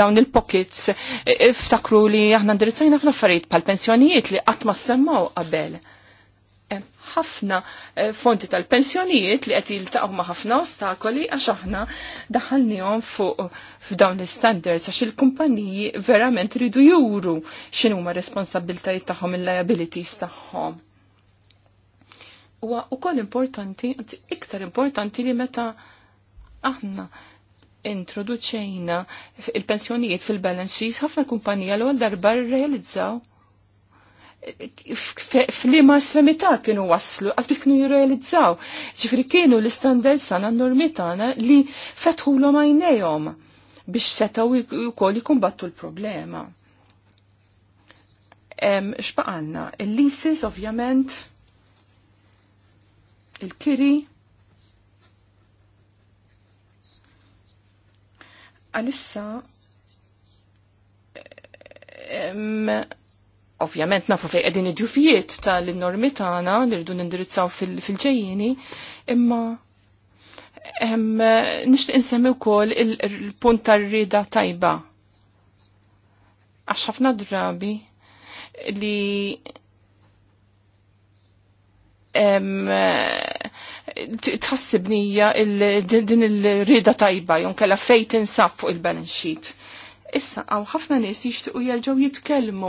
dawn il-pockets iftakru li aħna ndirizzajna ħafna affarijiet pal-pensjonijiet li qatt ma semmaw qabel ħafna eh, fonti tal-pensjonijiet li qed jiltaqgħu ma' ħafna ostakoli għax aħna daħalnihom fuq f'dawn l-standards għax il-kumpaniji verament ridu juru x'inhuma responsabiltajiet tagħhom il-liabilities tagħhom huwa wkoll importanti, iktar importanti li meta aħna introduċejna il-pensjonijiet fil-balance sheets ħafna kumpanija l ewwel darba realizzaw f'liema estremità kienu waslu, għasbis kienu jirrealizzaw, ġifri kienu l istandard sana n-normi tagħna li fetħu l għajnejhom biex setaw ukoll jikumbattu l-problema. X'baqanna, il lisis ovvjament, il-kiri, għalissa ovvjament nafu fej qegħdin id-djufijiet tal-normi tagħna li rridu nindirizzaw fil ġejjini imma nixtieq insemmi wkoll il-punt tar-rida tajba. Għax ħafna drabi li tħassibnija din il-rida tajba, jonkella fejt insab fuq il-balance sheet Issa, għaw ħafna nis jishtiqu jelġaw jitkelmu.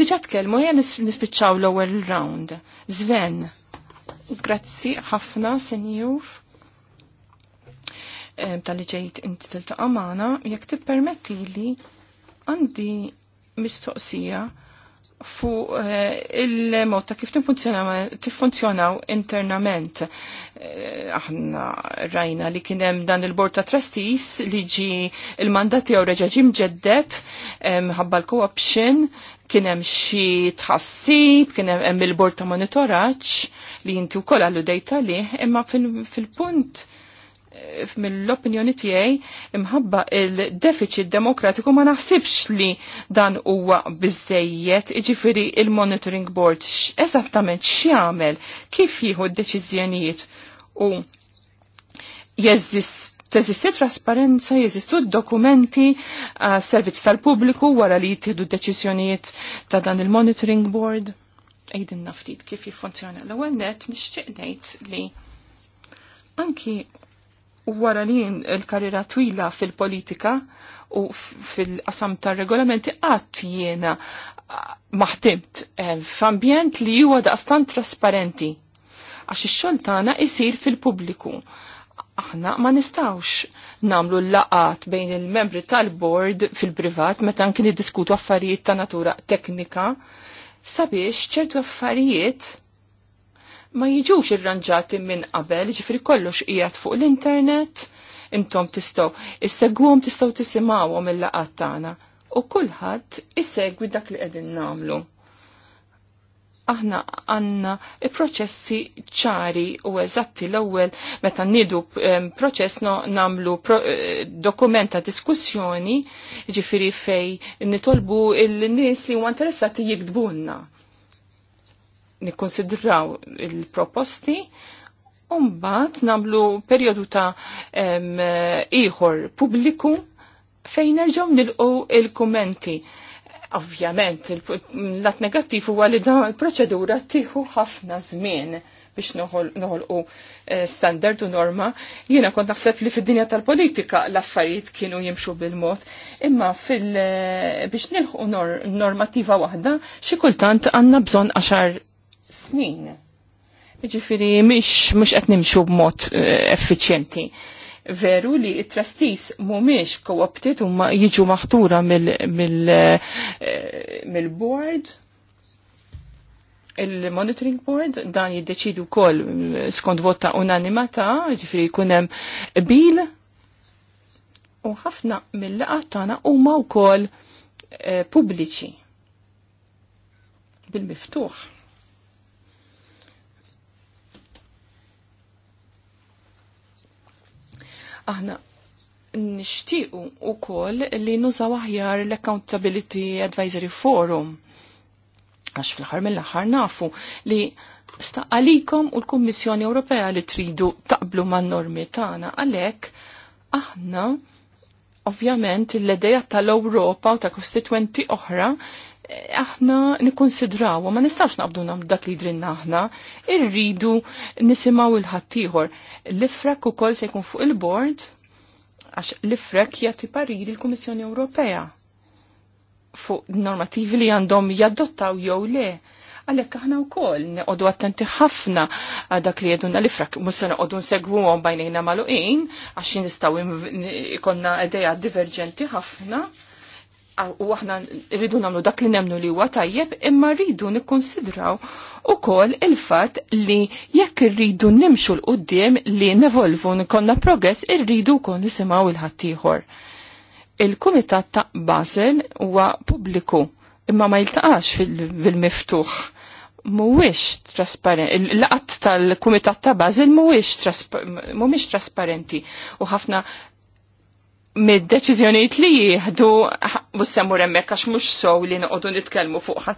Diġa tkelmu, jgħan nispiċċaw l-ewel round. Zven. Grazzi ħafna, senjur. E, Tal-li ġejt inti jek t jekk tippermettili għandi mistoqsija fuq eh, il-mod ta' kif tiffunzjonaw internament. Eh, aħna rajna li kienem dan il-Bord ta' Trustees li ġi il-mandat jew reġaġi mġeddet eh, ħabba l-co-option kienem xi tħassib, kienem hemm il-Bord ta' Monitoraġġ li jinti wkoll għallu dejta li, imma fil-punt fil punt mill-opinjoni tiegħi imħabba il-deficit demokratiku ma naħsibx li dan huwa biżejjed, jiġifieri il-monitoring board eżattament x'jagħmel kif jieħu d-deċiżjonijiet u jeżist teżisti trasparenza, jeżistu dokumenti uh, servizz tal-pubbliku wara li jittieħdu deċiżjonijiet ta' dan il-monitoring board. Ejdin naftit kif jiffunzjona. L-ewwel net nixtieq ngħid li anki U wara li l-karriera twila fil-politika u fil-qasam tar regolamenti għat jiena maħtimt eh, f'ambjent li huwa daqstan trasparenti. Għax ix-xogħol tagħna isir fil-pubbliku. Aħna ma nistawx namlu l-laqat bejn il-membri tal-board fil-privat meta kien iddiskutu affarijiet ta' natura teknika sabiex ċertu affarijiet ma jiġux irranġati minn qabel, ġifri kollox qiegħed fuq l-internet, intom tistgħu issegwhom tistgħu tisimgħuhom il-laqgħat tagħna u kulħadd isegwi dak li qegħdin nagħmlu. Aħna għanna proċessi ċari u eżatti l-ewwel meta nidu ehm, proċess no, namlu pro, eh, dokumenta diskussjoni ġifiri fej nitolbu il-nies li huma interessati jikdbunna nikkonsidraw il-proposti Umbat namlu periodu ta' iħor publiku fejn nerġaw nilqu il-kommenti. Ovvjament, l-att negattiv huwa li dan il-proċedura tieħu ħafna żmien biex noħolqu eh, standard u norma. Jiena kont naħseb li fid-dinja tal-politika l-affarijiet kienu jimxu bil-mod, imma fil eh, biex nilħu normativa waħda xi kultant għandna bżonn għaxar snin. Ġifiri, mux, mux qed nimxu b'mod eh, effiċjenti. Veru li it-trastis mumiex co huma u ma jiġu maħtura mill-board, eh, il-monitoring board, dan jiddeċidu kol eh, skont vota unanimata, ġifiri kunem bil, u ħafna mill-laqat tagħna huma wkoll pubbliċi bil-miftuħ. Aħna nishtiqu u koll li nużaw aħjar l-Accountability Advisory Forum. Għax fl-ħar mill-ħar nafu li staqalikom u l-Kommissjoni Ewropea li tridu taqblu man normi tagħna għalhekk aħna ovvjament l ledeja tal-Ewropa u ta' kostitwenti oħra aħna nikkonsidraw, ma nistax naqbdu nam dak li drinna aħna, irridu nisimaw il-ħattijħor. L-ifrek u kol se jkun fuq il-bord, għax l-ifrek jati pariri l-Komissjoni Ewropea fuq normativi li għandhom jaddottaw jew le. Għalek aħna u kol, neqodu attenti ħafna dak li jedunna li frak, musa neqodu nsegwu għom bajnejna maluqin, għax nistaw ikonna għedeja divergenti ħafna u aħna rridu namlu dak li nemnu li huwa tajjeb, imma rridu nikkonsidraw ukoll il-fatt li jekk irridu nimxu l-qudiem li nevolvu nkonna progress, irridu kon nisimgħu il-ħaddieħor. Il-Kumitat ta' Basel huwa pubbliku imma ma jiltaqax fil-miftuħ. Mhuwiex trasparenti, il-laqat tal-Kumitat ta' Basel mhuwiex trasparenti u ħafna mid-deċizjoniet li jihdu, bussemmu remmek, għax mux sow li noqogħdu nitkelmu fuq,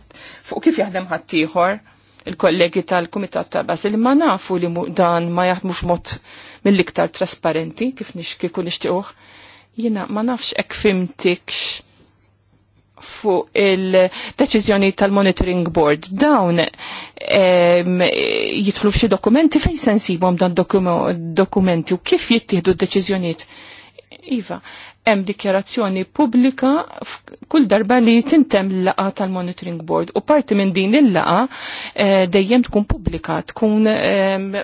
fuq kif jaħdem ħattijħor il-kollegi tal-Kumitat ta' Basil ma nafu li dan ma jaħdmux mod mill-iktar trasparenti kif nixkiku nixtiquh. Jina ma nafx ek fimtikx fuq il-deċizjoni tal-Monitoring Board. Dawn jitlu xi dokumenti fejn nsibhom dan dokumenti u kif jittieħdu d-deċiżjonijiet Iva, hemm dikjarazzjoni pubblika kull darba li tintem l-laqa tal-Monitoring Board u parti minn din il-laqa eh, dejjem tkun pubblika, tkun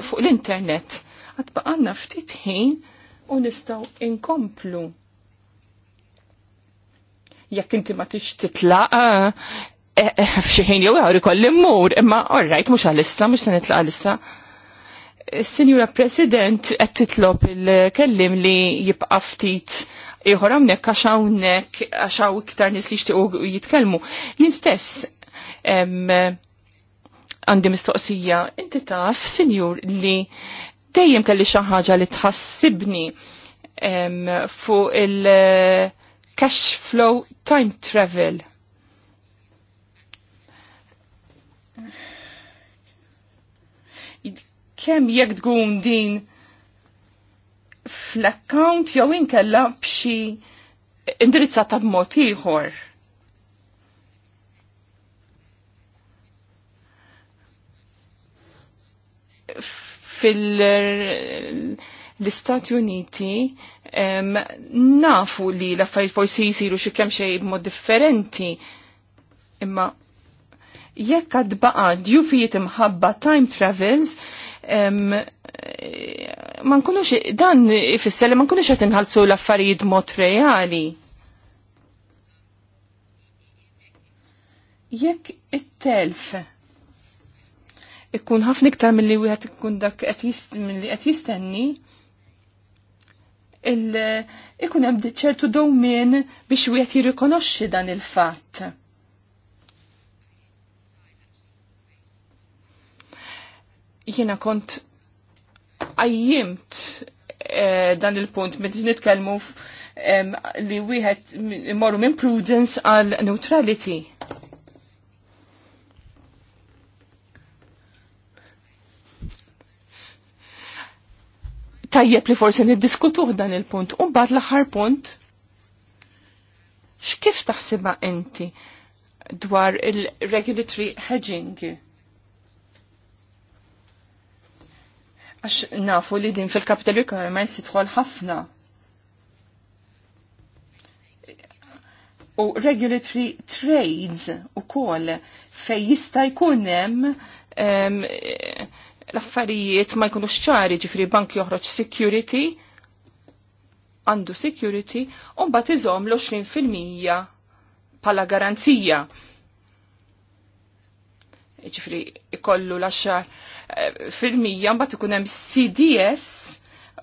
fuq l-internet. Għatbaqanna ftit ħin u nistaw inkomplu. Jekk inti ma tix titlaqa eh, eh, f'xi ħin jew għawri kolli mmur, imma orrajt mhux għalissa, mhux se nitlaqa għalissa. Signora President, qed titlob il-kellim li jibqa' ftit ieħor hawnhekk għax hawnhekk għax hawn iktar nies li jixtiequ jitkellmu. L-instess għandi mistoqsija, inti taf, Sinjur, li dejjem kelli xi ħaġa li tħassibni fuq il-cash eh, flow time travel kemm jekk tkun din fl-account jew inkella b'xi indirizzata b'mod ieħor. fil-Istati Uniti nafu li l-affarijiet forsi jisiru xi kemm xie b'mod differenti. Imma jekk għad baqa' djufijiet imħabba time travels, ma nkunux dan ifisser li ma nkunux qed inħallsu l-affarijiet mod reali. Jekk it-telf ikun ħafna iktar milli wieħed ikun dak qed jistenni, ikun hemm ċertu dowmin biex wieħed jirrikonoxxi dan il-fatt jiena kont għajjimt eh, dan il-punt meta nitkellmu li wieħed morru minn prudence għal neutrality. Tajjeb li forsi niddiskutuh dan il-punt. U mbagħad l-aħħar punt, x'kif taħsibha inti dwar il-regulatory hedging? Għax nafu li din fil-capital requirements jitħol ħafna. U regulatory trades u kol fej jista jkunem um, l-affarijiet ma jkunux ċari ġifri bank joħroġ security għandu security un bat iżom l-20% pala garanzija ċifri ikollu l eh, fil-mija, mbagħad ikun hemm CDS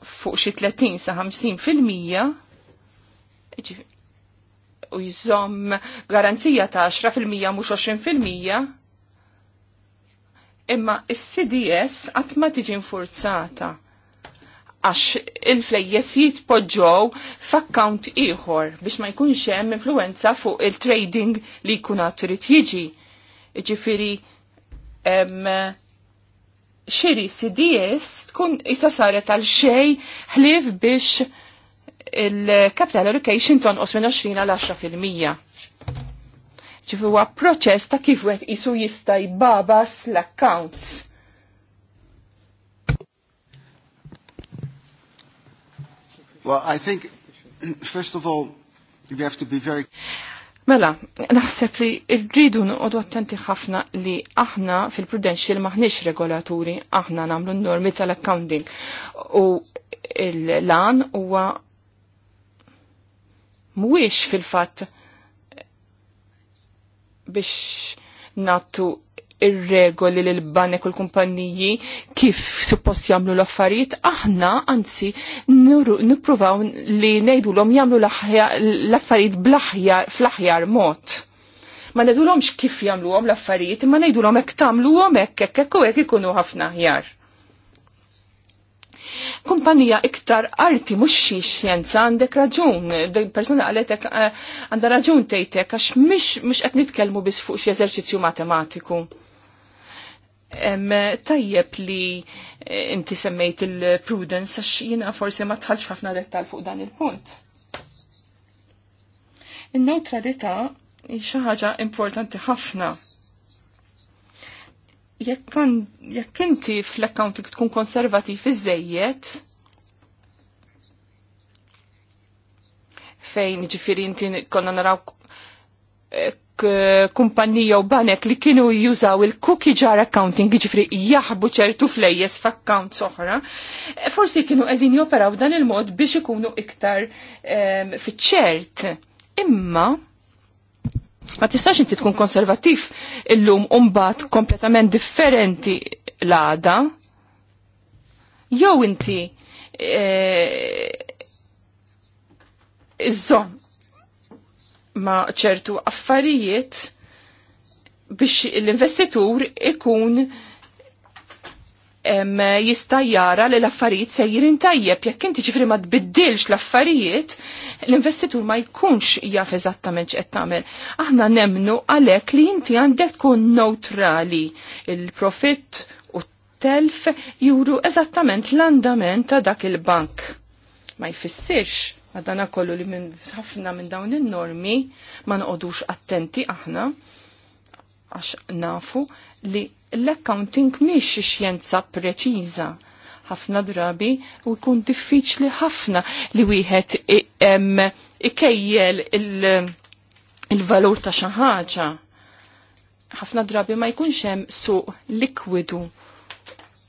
fuq xi 30 sa 50 fil-mija u jżomm garanzija ta' 10 fil-mija mhux 20 fil-mija. Imma il cds qatt ma tiġi nfurzata għax il-flejjes jitpoġġow f'akkawnt ieħor biex ma jkunx hemm influenza fuq il-trading li jkun għatturit jiġi. Ġifiri, xiri CDS tkun issa saret għal xej ħlif biex il-capital allocation ton tonqos minn 20 għal 10%. ċifu għa proċess ta' kif għet isu jistaj babas l-accounts. Well, I think, first of all, you have to be very... Mela, naħseb li rridu nuqodu attenti ħafna li aħna fil-prudential maħniex regolaturi, aħna nagħmlu n-normi tal-accounting u l-lan huwa mwix fil-fatt biex nattu ir-regoli li l-banek u l-kumpanniji kif suppost jagħmlu l-affarijiet, aħna anzi nippruvaw li ngħidulhom jagħmlu l-affarijiet fl-aħjar mod. Ma ngħidulhomx kif jagħmluhom l-affarijiet, imma ngħidulhom hekk tagħmluhom hekk hekk hekk u hekk ikunu ħafna aħjar. Kumpanija iktar arti mhux xi xjenza għandek raġun, persuna għaletek eh, għandha raġun tejtek għax mhux qed nitkellmu biss fuq xi eżerċizzju matematiku tajjeb li eh, inti semmejt il-prudence għax jina forse ma tħalx ħafna dettal fuq dan il-punt. Il-neutralità xi ħaġa importanti ħafna. Jekk inti fl li tkun konservativ iżejjed, fejn ġifiri inti konna naraw eh, Eh, kumpanija u banek li kienu jużaw il-cookie jar accounting, ġifri jaħbu ċertu flejjes f'account soħra, forsi kienu għedin joperaw dan il-mod biex ikunu iktar um, fiċċert. Imma, ma tistax inti tkun konservativ illum umbat kompletament differenti l-għada, jew inti e, ma ċertu affarijiet biex l-investitur ikun jista' jara li l-affarijiet se jirin tajjeb. Jekk inti ġifri ma tbiddilx l-affarijiet, l-investitur ma jkunx jaf eżattament x'qed tagħmel. Aħna nemnu għalhekk li inti għandek tkun neutrali il-profitt u telf juru eżattament l-andament ta' dak il-bank. Ma jfissirx Għadana kollu li minn ħafna minn dawn il-normi ma noqodux attenti aħna għax nafu li l-accounting miex xjenza preċiża ħafna drabi u jkun diffiċli ħafna li wieħed ikejjel il-valur ta' xi ħaġa. Ħafna drabi ma jkunx hemm suq likwidu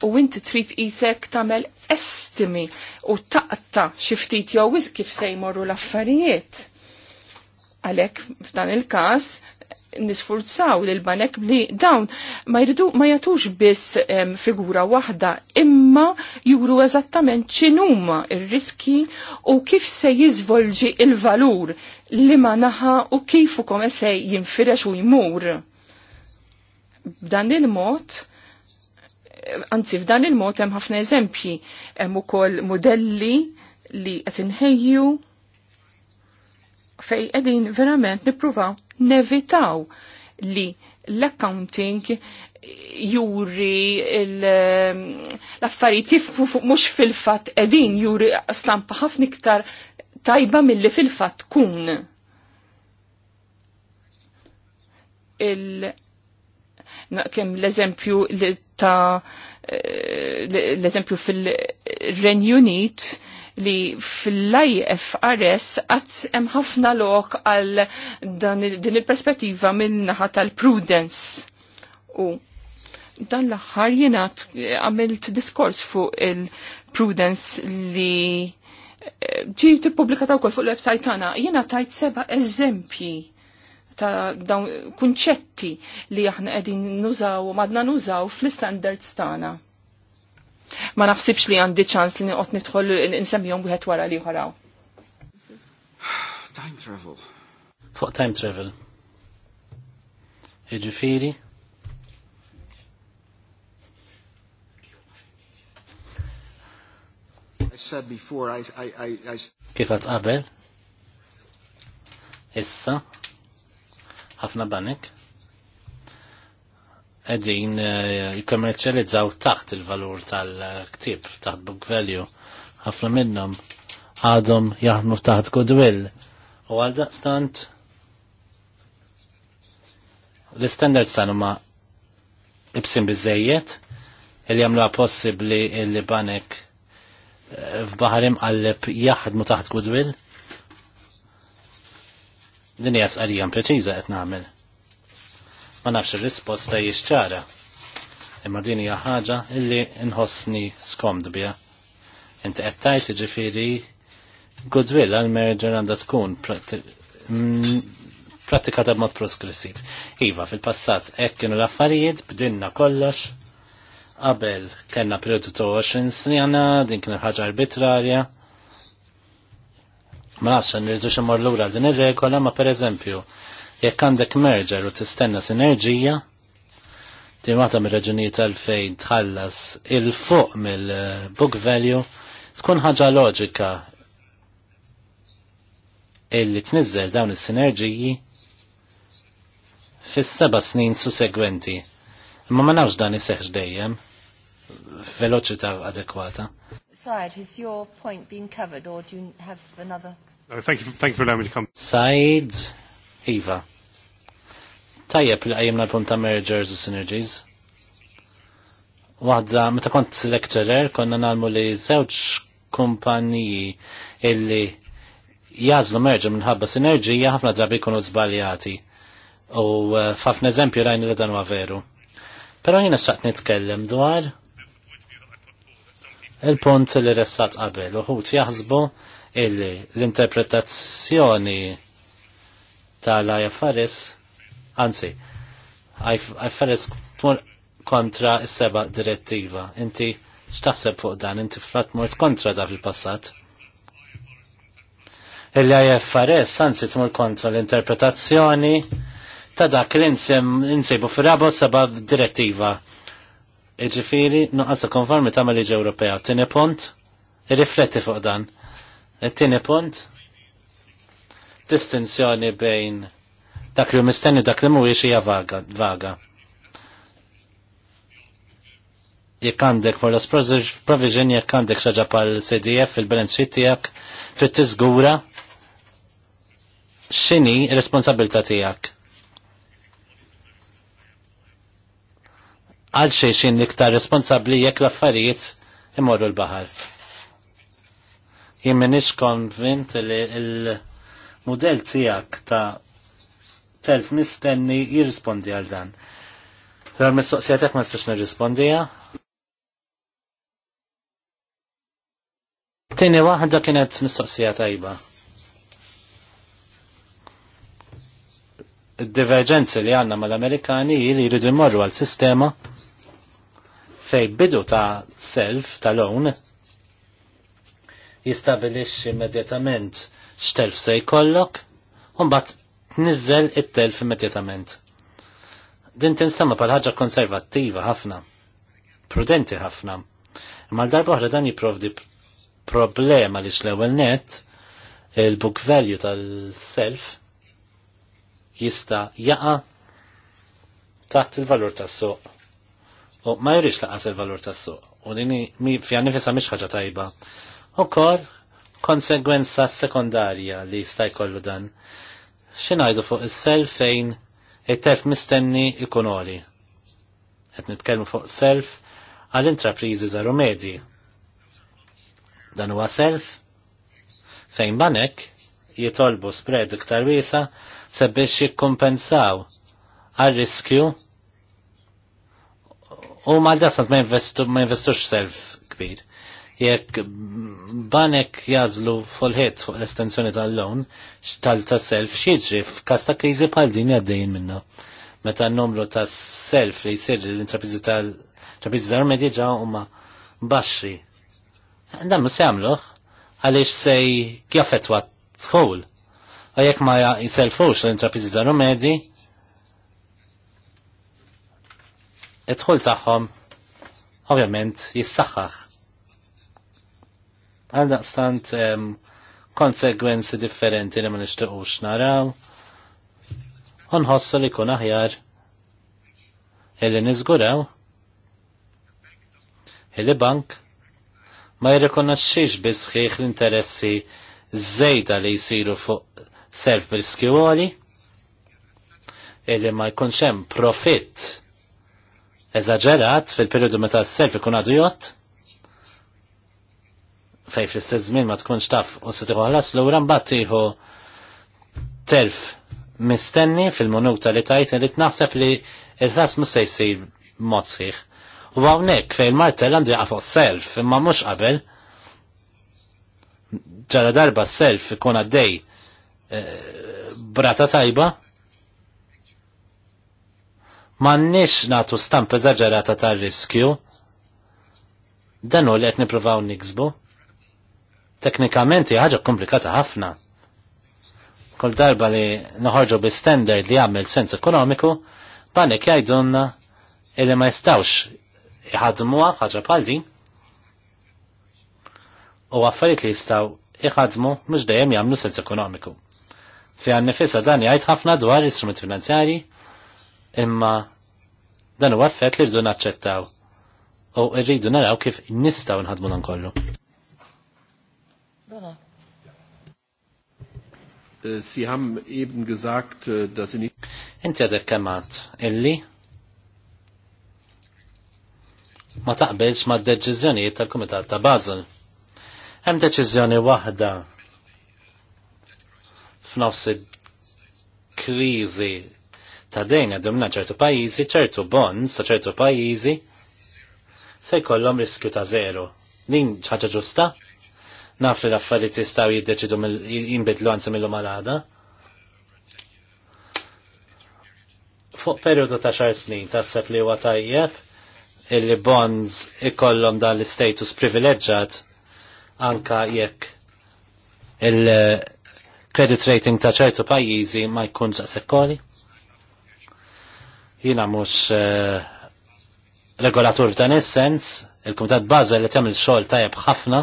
u inti trid isek tagħmel est vittimi u taqta xiftit jew kif se jmorru l-affarijiet. Għalek f'dan il-kas nisfurzaw lil banek li dawn ma jridu ma jatux biss figura waħda imma juru eżattament ċinuma il riski u kif se jizvolġi il-valur li ma naħa u kif kome se jinfirex u jmur. B'dan il-mod anzi f'dan il-mod hemm ħafna eżempji hemm ukoll modelli li qed inħejju fej qegħdin verament nippruvaw nevitaw li l-accounting juri ehm, l-affarijiet kif mhux fil-fatt qegħdin juri stampa ħafna iktar tajba milli fil-fatt tkun. Il kemm l-eżempju li ta' eh, l-eżempju fil-Ren Unit li fil-IFRS għat hemm ħafna lok għal din il-perspettiva minnaħa naħa tal-prudence. U dan l-aħħar jiena għamilt diskors fuq il-prudence li eh, ġi tippubblika ta' wkoll fuq l websajt tagħna. Jiena tajt seba' eżempji ta' dawn kunċetti li aħna qegħdin nużaw u madna nużaw fl-istandards tagħna. Ma nafsibx li għandi ċans li nqot nidħol insemmihom wieħed wara li ħoraw. Time travel. Fuq time travel. Jiġifieri. I said before I I I, I... Kif qabel? Issa, ħafna banek edin eh, jikommerċializzaw taħt il-valur tal-ktib, taħt book value. ħafna minnhom għadhom jaħdmu taħt goodwill. U għal daqstant l-standards tal ma ibsim biżejjed li jagħmluha possibbli li banek eh, f'baħar imqalleb jaħdmu taħt goodwill Din hija sqarija preċiża qed nagħmel. Ma nafx ir-risposta hi xċara. Imma din hija ħaġa illi nħossni skomd biha. Inti qed tajt jiġifieri goodwill għal merger għandha tkun pratika mm, ta' mod prosgressiv. Iva, fil-passat hekk kienu l-affarijiet bdinna kollox qabel kellna periodu ta' 20 sena din kien ħaġa arbitrarja Ma nirridu nirridu ximur lura din ir-regola ma pereżempju jekk għandek merger u tistenna sinerġija di mata mir raġunijiet għalfejn tħallas il-fuq mill-book value tkun ħaġa loġika illi tniżel dawn is-sinerġiji fis-seba' snin sussegwenti, Imma ma nafx dan iseħħ dejjem veloċità adekwata. Side, has your point been covered or do you have another Uh, thank you, thank you for allowing me to come. Said Iva. Tajjeb li għajimna l-punt ta' mergers u synergies. Waħda, meta kont lecturer, konna nalmu li żewġ kumpaniji illi jazlu merġu minħabba sinerġija ħafna drabi jkunu żbaljati. U uh, fafna eżempju rajni li dan huwa veru. Però jiena xtaqt nitkellem dwar il-punt li ressat qabel uħut jaħsbu illi l-interpretazzjoni tal-IFRS, anzi, IFRS Faris kontra s-seba direttiva. Inti xtaħseb fuq dan, inti frat mort kontra da fil-passat. Il-IFRS, anzi, tmur kontra l-interpretazzjoni ta' dak li insibu fil-rabo seba direttiva. Iġifiri, nuqqasa konformi ta' mal-liġi Ewropea. Tini pont, irrifletti fuq dan It-tieni punt distinzjoni bejn dak li mistenni dak li mhuwiex hija vaga. vaga. Jekk għandek for provision jekk għandek xaġa pal CDF fil-balance sheet tiegħek trid tiżgura x'inhi r-responsabilità tiegħek. għal xejxin iktar responsabli jekk l-affarijiet imorru l-baħar jimmenix konvint li il-modell tijak ta' telf mistenni jirrispondi għal dan. L-għal-mistoqsijatek ma nistax nirrispondija? Tini waħda kienet mistoqsija tajba. Id-divergenzi li għanna mal-Amerikani li jridu jmorru għal-sistema fej bidu ta' self, ta' loan, jistabilix immedjatament x'telf se jkollok, u mbagħad nizzel it-telf immedjatament. Din tinsema bħal ħaġa konservattiva ħafna, prudenti ħafna. Imma l-darba oħra dan jipprovdi problema li l-ewwel net il-book value tal-self jista jaqa taħt il-valur tas-suq. U ma jridx laqas il-valur tas-suq. U dini mi fiha nifisha mhix ħaġa tajba u kor konsegwenza sekundarja li jista' jkollu dan. Xinajdu fuq is-self fejn it-telf mistenni ikun oli. nitkelmu fuq self għal intrapriżi zaru medji. Dan huwa self fejn banek jitolbu spread iktar wiesa sabiex jikkumpensaw għal riskju u mal dasant ma investux self kbir jekk banek jazlu fulħet fuq l-estensjoni lon tal tal-tas-self xieġri f'kas ta' kriżi bħal din għaddejjin minna. Meta n-numru tas-self li jisir l intrapizi tal-intrapiżi tal-medja ġa huma baxxi. Dan se jagħmluh għaliex se jaffetwa tħol. U ma jiselfux l-intrapiżi tal-medji, it-tħol tagħhom ovvjament jissaħħaħ Għal daqstant konsegwenzi differenti li ma nixtiequx naraw. Unħossu li kun aħjar illi nizguraw illi bank ma jirrikonoxxix bisħiħ l-interessi żejda li jsiru fuq self riskjuoli illi ma jkunx hemm profitt eżaġerat fil-periodu meta s-self ikun għadu jott fej fl-istess żmien ma tkunx taf u se tieħu ħlas lura mbagħad tieħu telf mistenni fil munuta li tajt li tnaħseb li il-ħlas mhux se jsir mod sħiħ. U hawnhekk fejn martell għandu jaqa' fuq self imma mhux qabel. Ġara darba self ikun għaddej eh, brata tajba. M'għandniex nagħtu stamp eżaġerata tar-riskju. Dan hu li qed nippruvaw niksbu teknikament hija ħaġa komplikata ħafna. Kull darba li noħorġu bi standard li jagħmel sens ekonomiku, panik jgħidulna illi ma jistawx iħadmuha ħaġa bħal din. U affarijiet li jistgħu iħadmu mhux dejjem jagħmlu sens ekonomiku. Fi għan nifisa dan jgħid ħafna dwar istrument finanzjari, imma dan huwa għaffet li rridu naċċettaw u rridu naraw kif nistgħu nħadmu dan kollu. Äh, Sie haben eben gesagt, äh, dass Sie nicht... Inti għadek kemat illi ma taqbilx ma d deċizjoni tal-Kumitat ta' Basel. Hemm deċiżjoni waħda f'nofs il-kriżi ta' dejna għadhom ċertu pajjiżi, ċertu bonds ta' ċertu pajjiżi se jkollhom riskju ta' zero. Din ħaġa ġusta? Naf li l-affarijiet jistgħu jiddeċidu jinbidlu anzi mill malada. Fuq perjodu ta' xar snin ta' taħseb li huwa tajjeb illi bonds ikollhom dan l-istatus privileġġat anka jekk il-credit rating ta' ċertu pajjiżi ma jkunx sekkoli. Jina mhux uh, regolatur ta' nessens, il-Kumitat Bazel li tagħmel xogħol tajjeb ħafna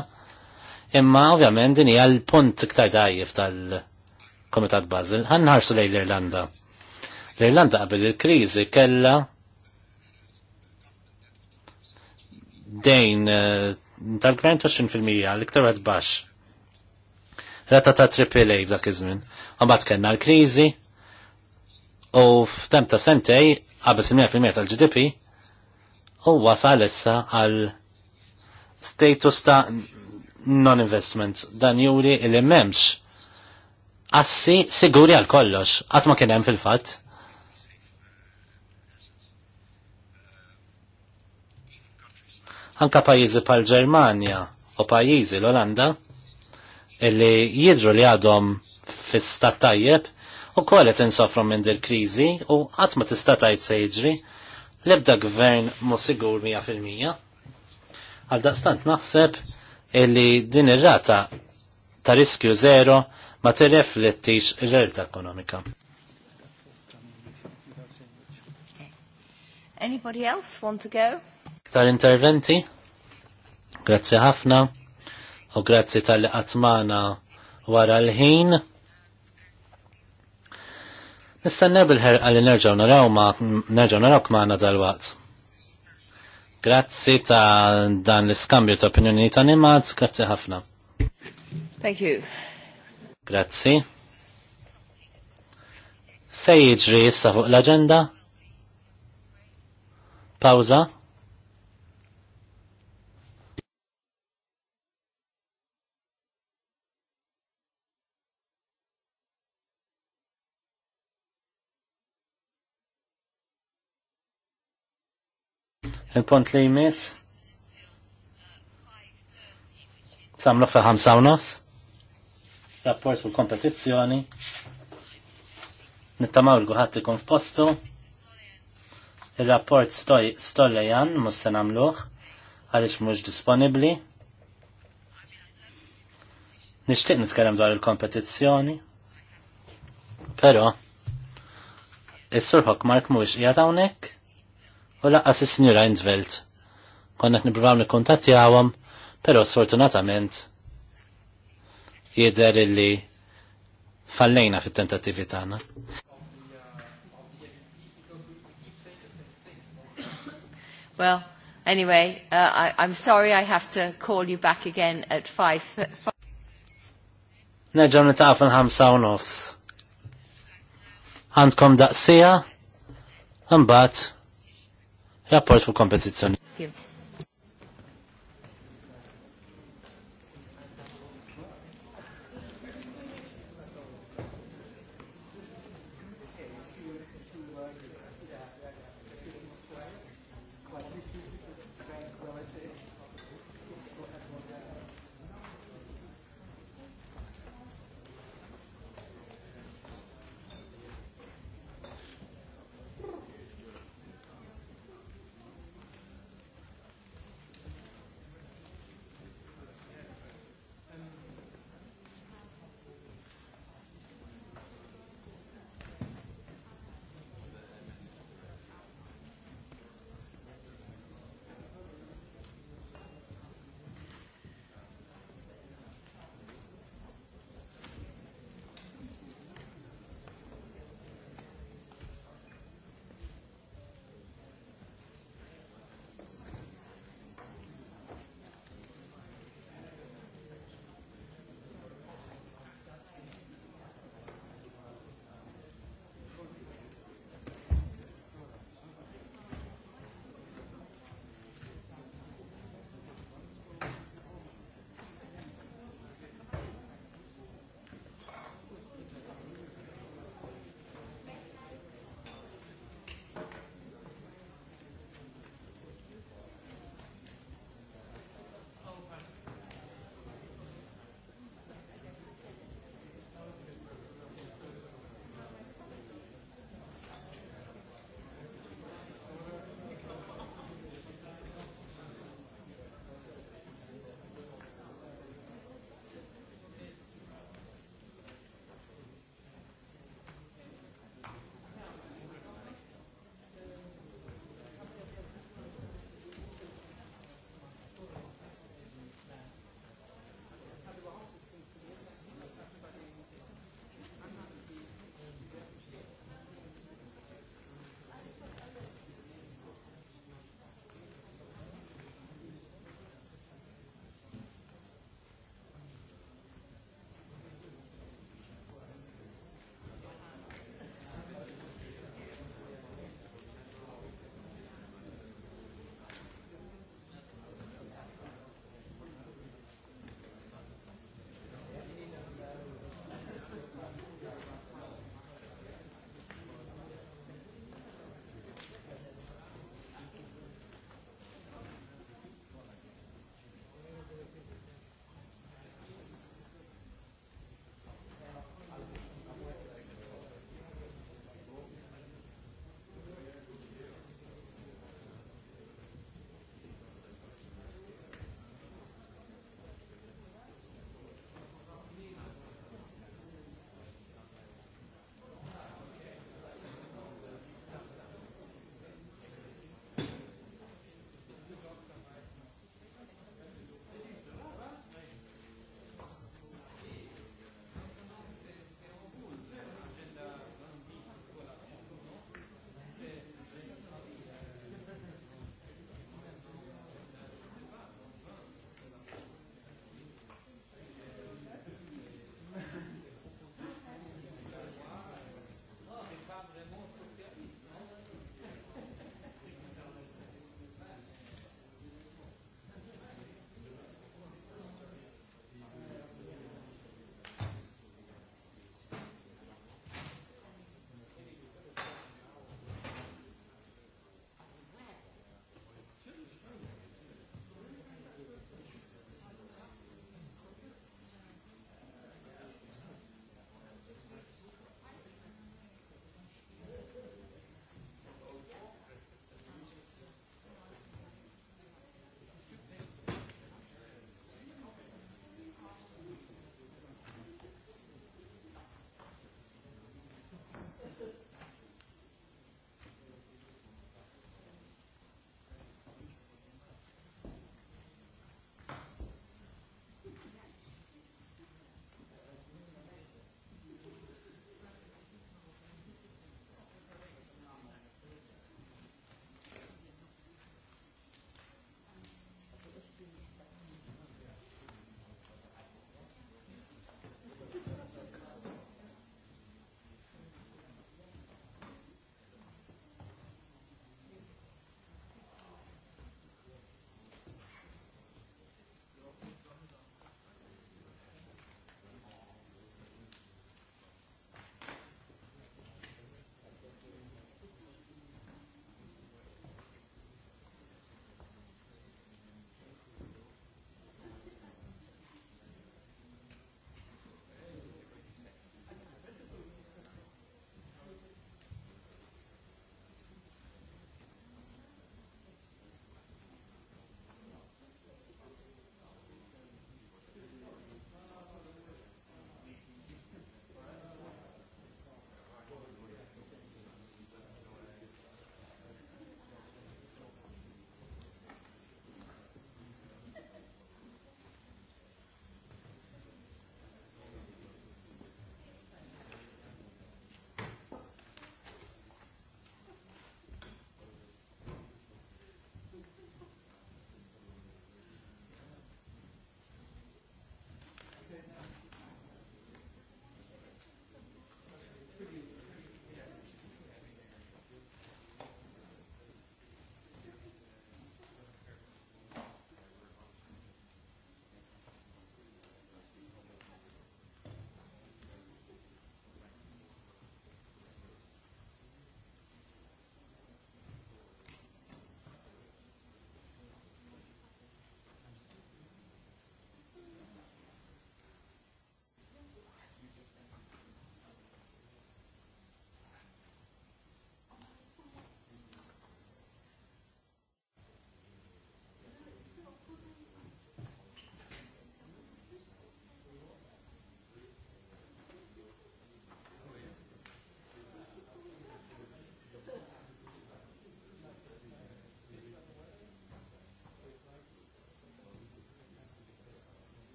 imma ovvjament din hija l-punt iktar dajjef tal-Komitat Basel. Ħan nħarsu lejn l-Irlanda. L-Irlanda qabel il-kriżi kellha dejn eh, tal-gvern 20% l-iktar għad baxx. Rata ta' Triple A f'dak iż-żmien. Mbagħad kellna l-kriżi u f'tem ta' sentej qabel 100% tal-GDP u wasal issa għal status ta' non-investment. Dan juri li memx. Assi siguri għal kollox, għatma kienem fil-fat. Anka pajizi pal ġermania u pajizi l-Olanda, illi jidru li għadhom fil stat tajjeb, u kolet insofru minn dil krizi u għatma tista' tajt se jiġri, l-ebda gvern mu sigur 100%. Għal daqstant naħseb illi din ir-rata ta' riskju zero ma tirreflettix ir-realtà ekonomika. Anybody else want to go? Ktar interventi? Grazzi ħafna u grazzi tal-qatmana wara l-ħin. Nistenna bil-ħerqa li nerġaw naraw ma nerġaw narawk maħna dal-waqt. Grazzi ta' dan l-iskambju ta' opinjoni ta' nimaz, grazzi ħafna. Thank you. Grazzi. Se jiġri issa fuq l-agenda? Pauza? il pont li jmiss? Samlu fi ħamsa Rapport fuq kompetizzjoni. Nittamaw il-guħat ikun f'postu. Il-rapport stollejan mus se namluħ għalix mux disponibli. Nishtiq nitkellem dwar il-kompetizzjoni. Pero, is-sur Mark mux jgħat hawnhekk u laqqas is sinjur Intvelt. Konna nipruvaw nikkuntattjawhom, però sfortunatament jidher illi fallejna fit-tentattivi tagħna. Well, anyway, uh, I, I'm sorry I have to call you back again at 5. Nerġaw nitaqaf nħamsa u nofs. Għandkom daqsija, mbagħad rapport fuq kompetizzjoni.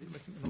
Dimmi,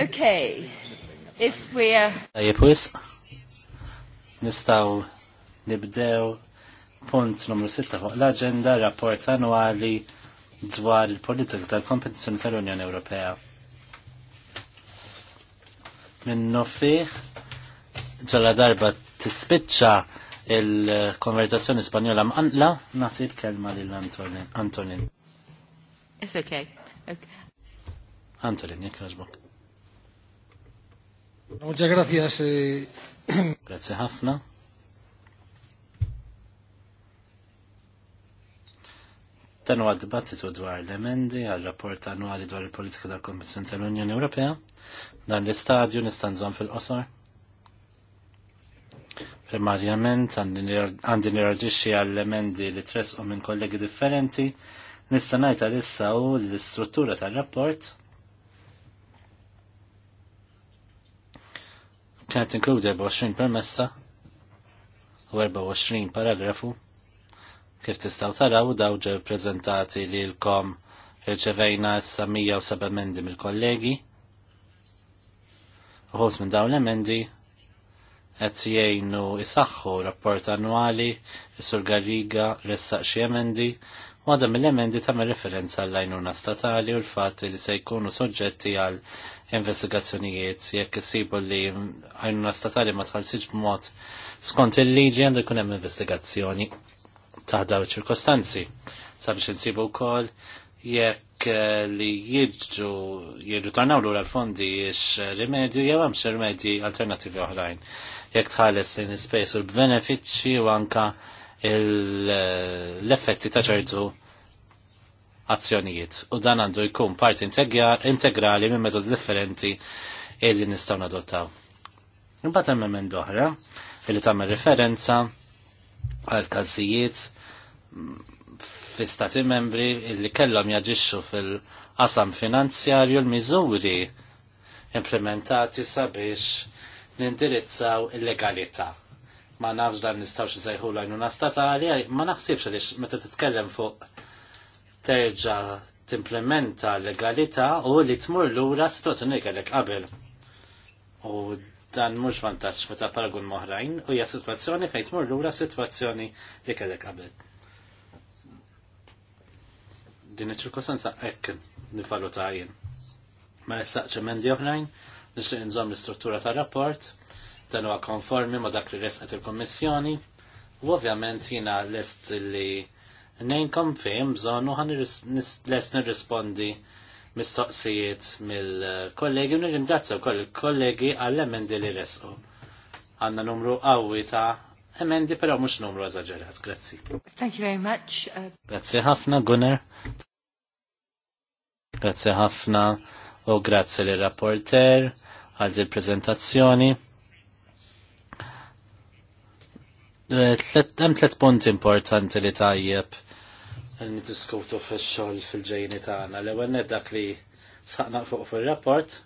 Okay. If we uh, are... Jepwis, nistaw nibdew punt numru 6 fuq l-agenda rapport annwali dwar il-politika tal-kompetizjoni tal-Unjoni Ewropea. Minnu fiħ, ġalla darba tispiċċa il-konverzazzjoni spanjola mqanqla, nagħti l-kelma lil Antonin. It's okay. okay. Antolin, jek għaxbok. Muġa grazjas. Eh. Grazie ħafna. Dan huwa dibattitu dwar l-emendi għal rapport annwali dwar il-politika tal komissjoni tal-Unjoni Ewropea. Dan l-istadju nista' nżomm fil-qosor. Primarjament għandi nirraġixxi għall emendi li tresqu minn kollegi differenti. Nista' ngħid issa u l-istruttura tal-rapport kienet inkludi 24 permessa u 24 paragrafu kif tistaw taraw daw ġew prezentati li l-kom rċevejna issa 107 emendi mill-kollegi. Uħos minn dawn l-emendi qed jgħinu isaħħu rapport annwali is-Sur Garriga ressaq xi emendi u għadha mill-emendi tamme referenza għall-għajnuna statali u l fatti li se jkunu soġġetti għal investigazzjonijiet jekk isibu li għajnuna statali ma tħallsitx b'mod skont il-liġi għandu jkun hemm investigazzjoni taħdaw ċirkostanzi sabiex insibu wkoll jekk eh, li jiġu jidġu lura l-fondi jiex rimedju jew għamx rimedji alternattivi oħrajn. Jekk tħares lejn ispejs u l-benefiċċji u anka eh, l-effetti ta' azzjonijiet u dan għandu jkun parti integrali minn metodi differenti illi nistgħu nadottaw. Imbagħad hemm minn oħra illi tagħmel referenza għal każijiet fi stati membri illi kellhom jaġixxu fil-qasam finanzjarju l-miżuri implementati sabiex nindirizzaw il-legalità ma nafx dan nistawx nsejħu lajnuna statali, ma naħsibx li meta titkellem fuq terġa timplementa legalità u li tmur lura situazzjoni kellek qabel. U dan mhux vantaġġ meta paragun moħrajn u hija sitwazzjoni fejn tmur lura sitwazzjoni li kellek qabel. Din iċ-ċirkostanza hekk nivaluta jien. Ma nistaqċ emendi oħrajn biex inżomm l-istruttura tar-rapport dan huwa konformi ma' dak li resqet il-Kommissjoni u ovvjament jiena lest li nejnkom fejn bżonnu ħan les nirrispondi mistoqsijiet mill-kollegi u nirringrazzja wkoll il-kollegi għall-emendi li resqu. Għanna numru qawwi ta' emendi però mhux numru eżaġerat. Grazzi. Thank you very much. Uh, grazzi ħafna Gunnar. Grazzi ħafna u grazzi li rapporter għal di prezentazzjoni eh, Hemm tliet punti importanti li tajjeb Nidiskutu fix-xogħol fil-ġejni tagħna. L-ewwel dak li saqnaq fuq fil-rapport.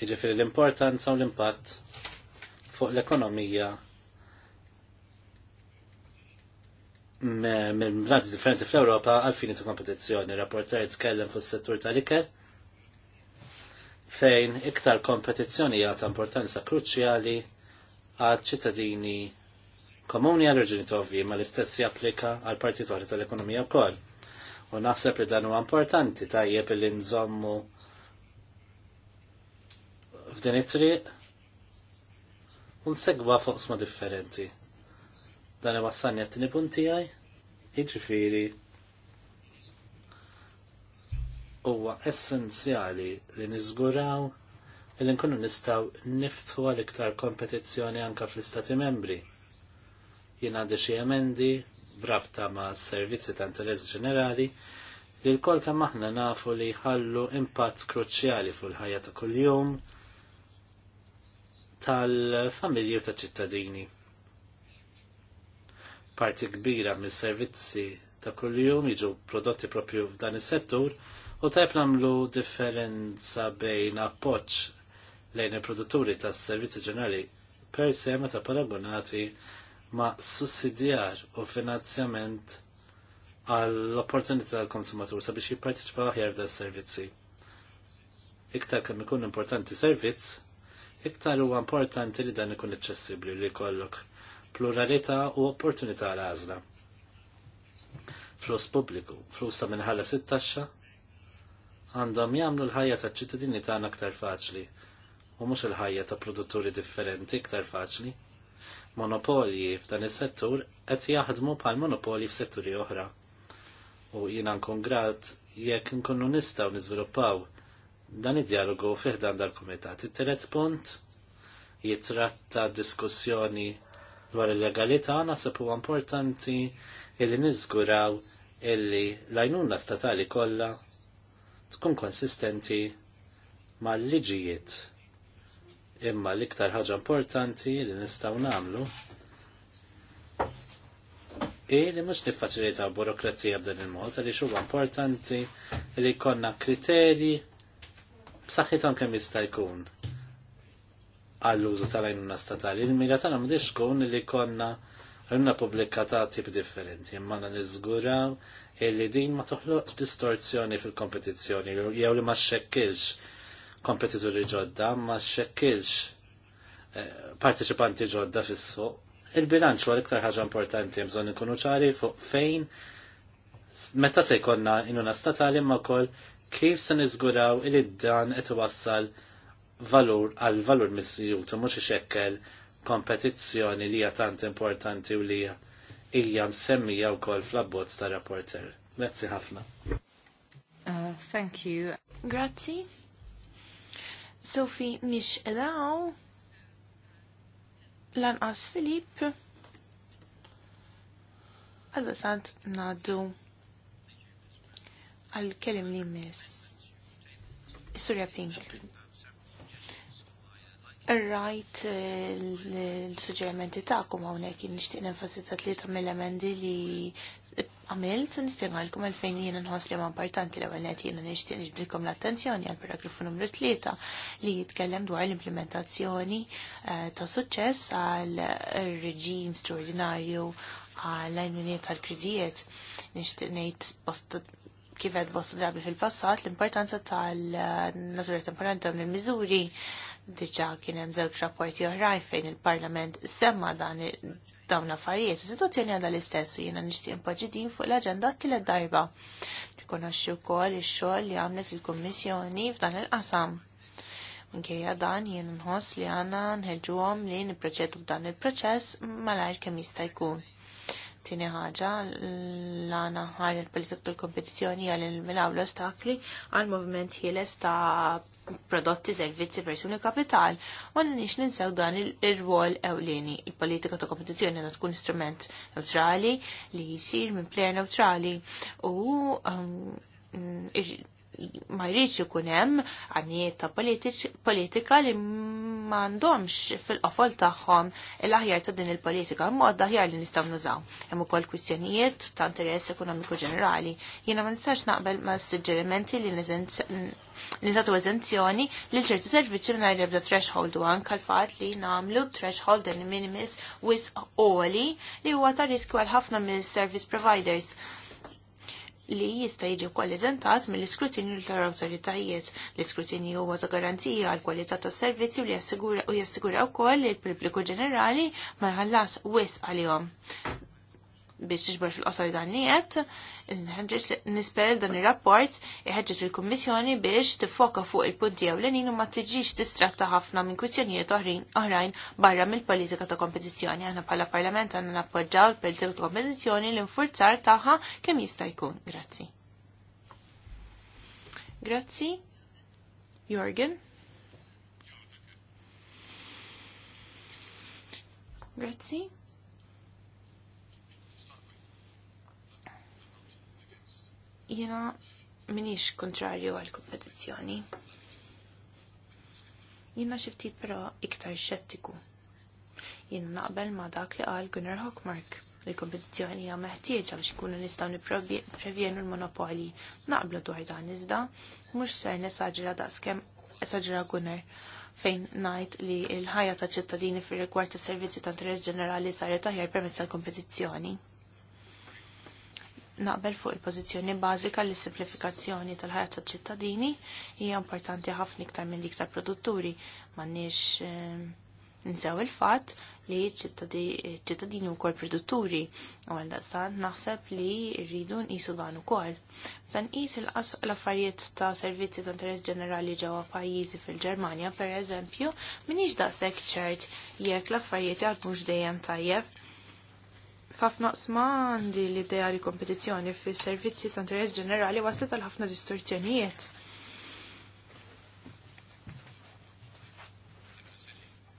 Jiġifieri l-importanza u l-impatt fuq l-ekonomija minn bladi differenti fl europa għalfini ta' kompetizzjoni. Rapporter tkellem fuq settur tal-ikel fejn iktar kompetizzjoni għata importanza kruċjali għad ċittadini komuni għal raġuni ovvi ma l-istess japplika għal partitori tal-ekonomija wkoll. U naħseb li dan huwa importanti tajjeb li nżommu f'din it-triq u nsegwa fuq sma differenti. Dan u għassani tini punti għaj, iġifiri huwa essenzjali li niżguraw li nkunu nistaw niftħu għal iktar kompetizzjoni anka fl-istati membri jien għandi xi emendi brabta ma' servizzi ta' interess ġenerali li l-kol kemm aħna nafu li jħallu impatt kruċjali fuq il-ħajja ta' kuljum tal-familji u ta' ċittadini. Parti kbira mis-servizzi ta' kuljum jiġu prodotti propju f'dan is-settur u tajb namlu differenza bejn appoġġ lejn il-produtturi tas servizzi ġenerali per se meta paragonati ma' sussidjar u finanzjament għall-opportunità għal-konsumatur sabiex jipparteċipa aħjar da servizzi. Iktar kemm ikun importanti servizz, iktar huwa importanti li dan ikun aċċessibbli li jkollok pluralità u opportunità għal-għażla. Flus pubbliku, flus ta' minħalla sit-taxxa, għandhom jagħmlu l-ħajja taċ-ċittadini tagħna aktar faċli u mhux il-ħajja ta' produtturi differenti iktar faċli monopolji f'dan is-settur qed jaħdmu bħal monopolji f'setturi oħra. U jiena nkun grat jekk nkunu nistgħu niżviluppaw dan id-dialogu fiħdan dal-kumitat. It-telet punt jitratta diskussjoni dwar il-legalità naħseb huwa importanti illi niżguraw illi l-għajnuna statali kollha tkun konsistenti mal-liġijiet Imma l-iktar ħaġa importanti li nistgħu nagħmlu i li mhux nifacilita burokrazija b'dan il-mod għaliex huwa importanti li jkollna kriterji b'saħħithom kem jista' jkun għall-użu tal-għajnuna statali. Il-mira tagħna m'għandix kun li konna għajnuna pubblika ta' tip differenti, imma niżguraw li din ma toħloqx distorzjoni fil-kompetizzjoni jew li ma xekkilx kompetituri ġodda ma xekkilx eh, partiċipanti ġodda fissu. Il-bilanċ huwa l-iktar ħaġa importanti bżonn inkunu ċari fuq fejn meta se jkollna inuna statali ma wkoll kif se niżguraw il dan qed iwassal valur għal valur misjut mhux ixekkel kompetizzjoni li hija tant importanti u li hija msemmija wkoll fl-abbozz ta' rapporter. Grazzi ħafna. Uh, thank you. Grazzi. Sofi mish lan as Filip għadda sant naddu għal kelim li mis Surya Pink Rajt eh, l-suġġerimenti kum għawnek nishtiq nenfasi ta' tlieta mill-emendi li għamilt u għalkom għalfejn jiena nħoss li importanti l-ewwel qed jiena nixtieq niġbdilkom l-attenzjoni għal paragrafu numru 3 li jitkellem dwar l-implementazzjoni eh, ta' suċċess għal reġim straordinarju għal għajnuniet tal kriżijiet Nixtieq ngħid kif qed bosta drabi fil-passat l-importanza tal-natura temporani dawn il-miżuri diġa' kien hemm żewġ rapporti oħrajn fejn il-Parlament semma dan dawn l-affarijiet. Situazzjoni għadha l-istess jiena nixtieq impaġidin fuq l-aġenda t-tielet darba. Rikonoxxi wkoll ix-xogħol li għamlet il-Kummissjoni f'dan il-qasam. Minkejja dan jien nħoss li għandna nħeġġuhom li nipproċedu f'dan il-proċess malajr kemm jista' jkun tini ħaġa l-għana ħar il-politik tal kompetizjoni għal il-milaw l-ostakli għal movement ħieles ta' prodotti, servizzi, persuni u kapital, ma nix ninsew dan il-rwol ewlieni. Il-politika ta' kompetizjoni għandha tkun instrument neutrali li jisir minn plejer neutrali u um, mm, ma jridx ikun hemm għanijiet ta' politika li m'għandhomx fil-qofol tagħhom l-aħjar ta' din il-politika mod aħjar li nistgħu nużaw. Hemm ukoll kwistjonijiet ta' interess ekonomiku ġenerali. Jiena ma nistax naqbel ma' suġġerimenti li tagħtu eżenzjoni li ċertu servizzi mingħajr ebda threshold u anke l fatt li namlu threshold de minimis wis oli li huwa ta' riskju għal ħafna mill-service providers li jista' jiġi kwalizentat mill-iskrutinju tal-awtoritajiet. L-iskrutinju huwa ta' garanzija għal kwalità tas-servizzi u jassigura wkoll il-pubbliku ġenerali ma jħallas wis għalihom biex tiġbor fil-qosor dan niet, nisperil dan il-rapport iħedġeġ il-Kommissjoni biex tifoka fuq il-punti ewlenin u ma tiġix distratta ħafna minn kwistjonijiet oħrajn barra mill-politika ta' kompetizzjoni. Għanna bħala parlament għanna nappoġġaw il-politika ta' kompetizzjoni l-infurzar taħħa kemm jista' jkun. Grazzi. Grazzi. Jorgen. Grazzi. Jena minix kontrarju għal kompetizzjoni. Jena xifti però iktar xettiku. Jena naqbel ma dak li għal Gunnar Hockmark li kompetizzjoni hija meħtieġa għal ikunu nistgħu nipprevjenu l-monopoli naqblu dwar dan iżda mhux ser nesaġġela daqskemm esaġġela Gunnar fejn ngħid li l-ħajja ta' ċittadini fir rigward tas-servizzi ta' interess ġenerali saret aħjar permezz tal-kompetizzjoni naqbel fuq il-pożizzjoni bażika li simplifikazzjoni tal-ħajja tal-ċittadini hija importanti ħafna iktar minn dik tal-produtturi m'għandniex eh, nsew il-fatt li ċittadini u kol produtturi u għal daqsan naħseb li rridu nqisu dan u kol. Meta nqis l-affarijiet ta' servizzi ta' interess ġenerali ġewwa pajjiżi fil-Ġermanja per eżempju, minix daqshekk ċert jekk l-affarijiet għadmux dejjem tajjeb Ħafna qsma għandi li idea li kompetizzjoni fis servizzi ta' interess ġenerali waslet għal ħafna distorzjonijiet.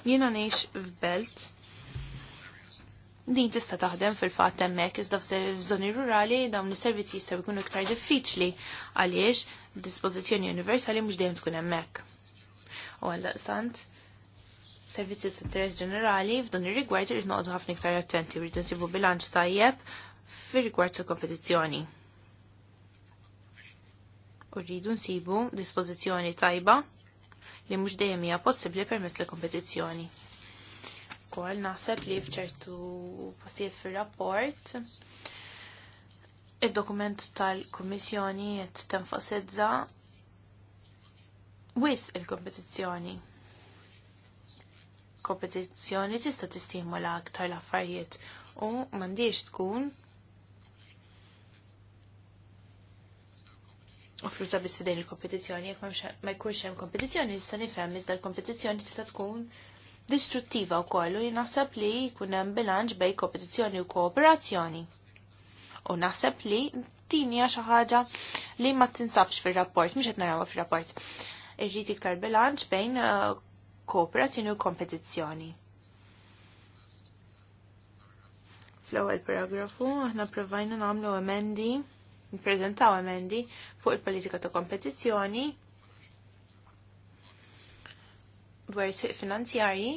Jiena ngħix f'belt din tista' taħdem fil-fatt hemmhekk iżda f'żoni rurali dawn is-servizzi jistgħu jkunu iktar diffiċli għaliex dispożizzjoni universali mhux dejjem tkun hemmhekk. U għal daqstant, servizzi ta' interess ġenerali f'dan ir-rigward irid noqogħdu ħafna iktar attenti u rridu nsibu bilanċ tajjeb fir-rigward tal kompetizzjoni. U rridu nsibu dispożizzjoni tajba li mhux dejjem hija possibbli permezz tal kompetizzjoni. Kol naħseb li f'ċertu postijiet fir-rapport id-dokument tal-Kummissjoni qed tenfasizza wis il-kompetizzjoni kompetizzjoni tista' tistimola aktar l-affarijiet u m'għandix tkun offruta biss fidejn il-kompetizzjoni jekk ma jkunx hemm kompetizzjoni tista' nifhem iżda l-kompetizzjoni tista' tkun distruttiva wkoll u naħseb li jkun hemm bilanċ bejn kompetizzjoni u kooperazzjoni. U naħseb li din hija xi ħaġa li ma tinsabx fir-rapport, mhux qed narawha fir-rapport. Irrid iktar bilanċ bejn uh, kooperazzjoni u kompetizzjoni. Fl-ewwel paragrafu aħna provajna nagħmlu emendi, nippreżentaw emendi fuq il-politika ta' kompetizzjoni dwar is-suq finanzjarji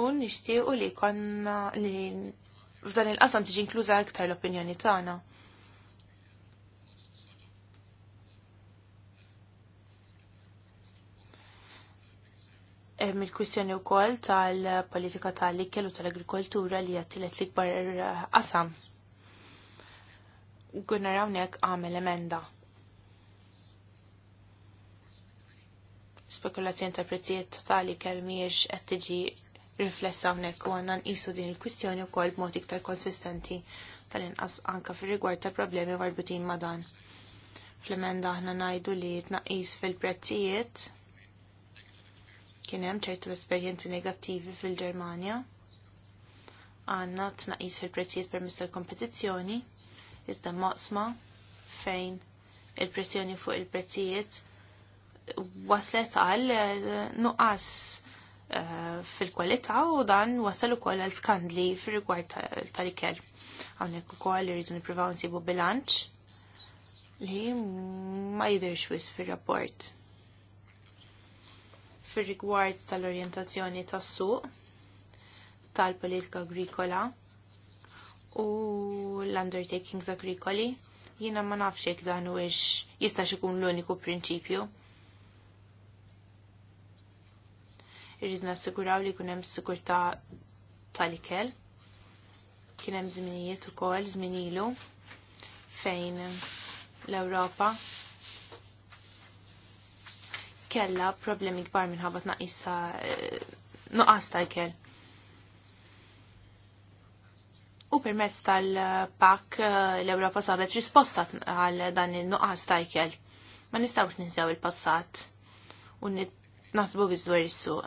u nixtiequ li konna li f'dan il-qasam tiġi inkluża iktar l-opinjoni tagħna. mill-kwistjoni wkoll tal-politika tal-ikel u tal-agrikoltura li qed tilet l-ikbar eh, qasam. Gunnar hawnhekk għamel emenda. Spekulazzjoni ta' prezzijiet tal-ikel mhijiex qed tiġi riflessa hawnhekk u għandna nqisu din il-kwistjoni wkoll b'mod iktar konsistenti tal-inqas anka fir-rigward ta' problemi marbutin ma' dan. Fl-emenda aħna ngħidu li tnaqqis fil-prezzijiet Kien hemm ċertu esperjenzi negattivi fil-Ġermanja. Għandna tnaqis fil-prezzijiet permess tal-kompetizzjoni, iżda maqsma fejn il-pressjoni fuq il-prezzijiet waslet għal eh, nuqqas eh, fil-kwalità u dan wasal ukoll għal skandli fir-rigward tal-iker. Hawnhekk ukoll irridu nippruvaw nsibu bilanċ li ma jidhirx wis fir-rapport fir-rigward tal-orjentazzjoni tas-suq tal-politika agrikola u l-undertakings agrikoli jiena ma nafx jekk dan huwiex jistax ikun l-uniku prinċipju. Irrid nassiguraw li jkun hemm sikurtà tal-ikel. Kien hemm żminijiet ukoll żminilu fejn l europa kella problemi kbar minħabba tnaqisa eh, nuqqas tal-kel. U permezz tal-pak eh, l-Ewropa sabet risposta għal dan il-nuqqas tal-kel. Ma nistawx ninsew il-passat u nasbu bizzwer is-suq.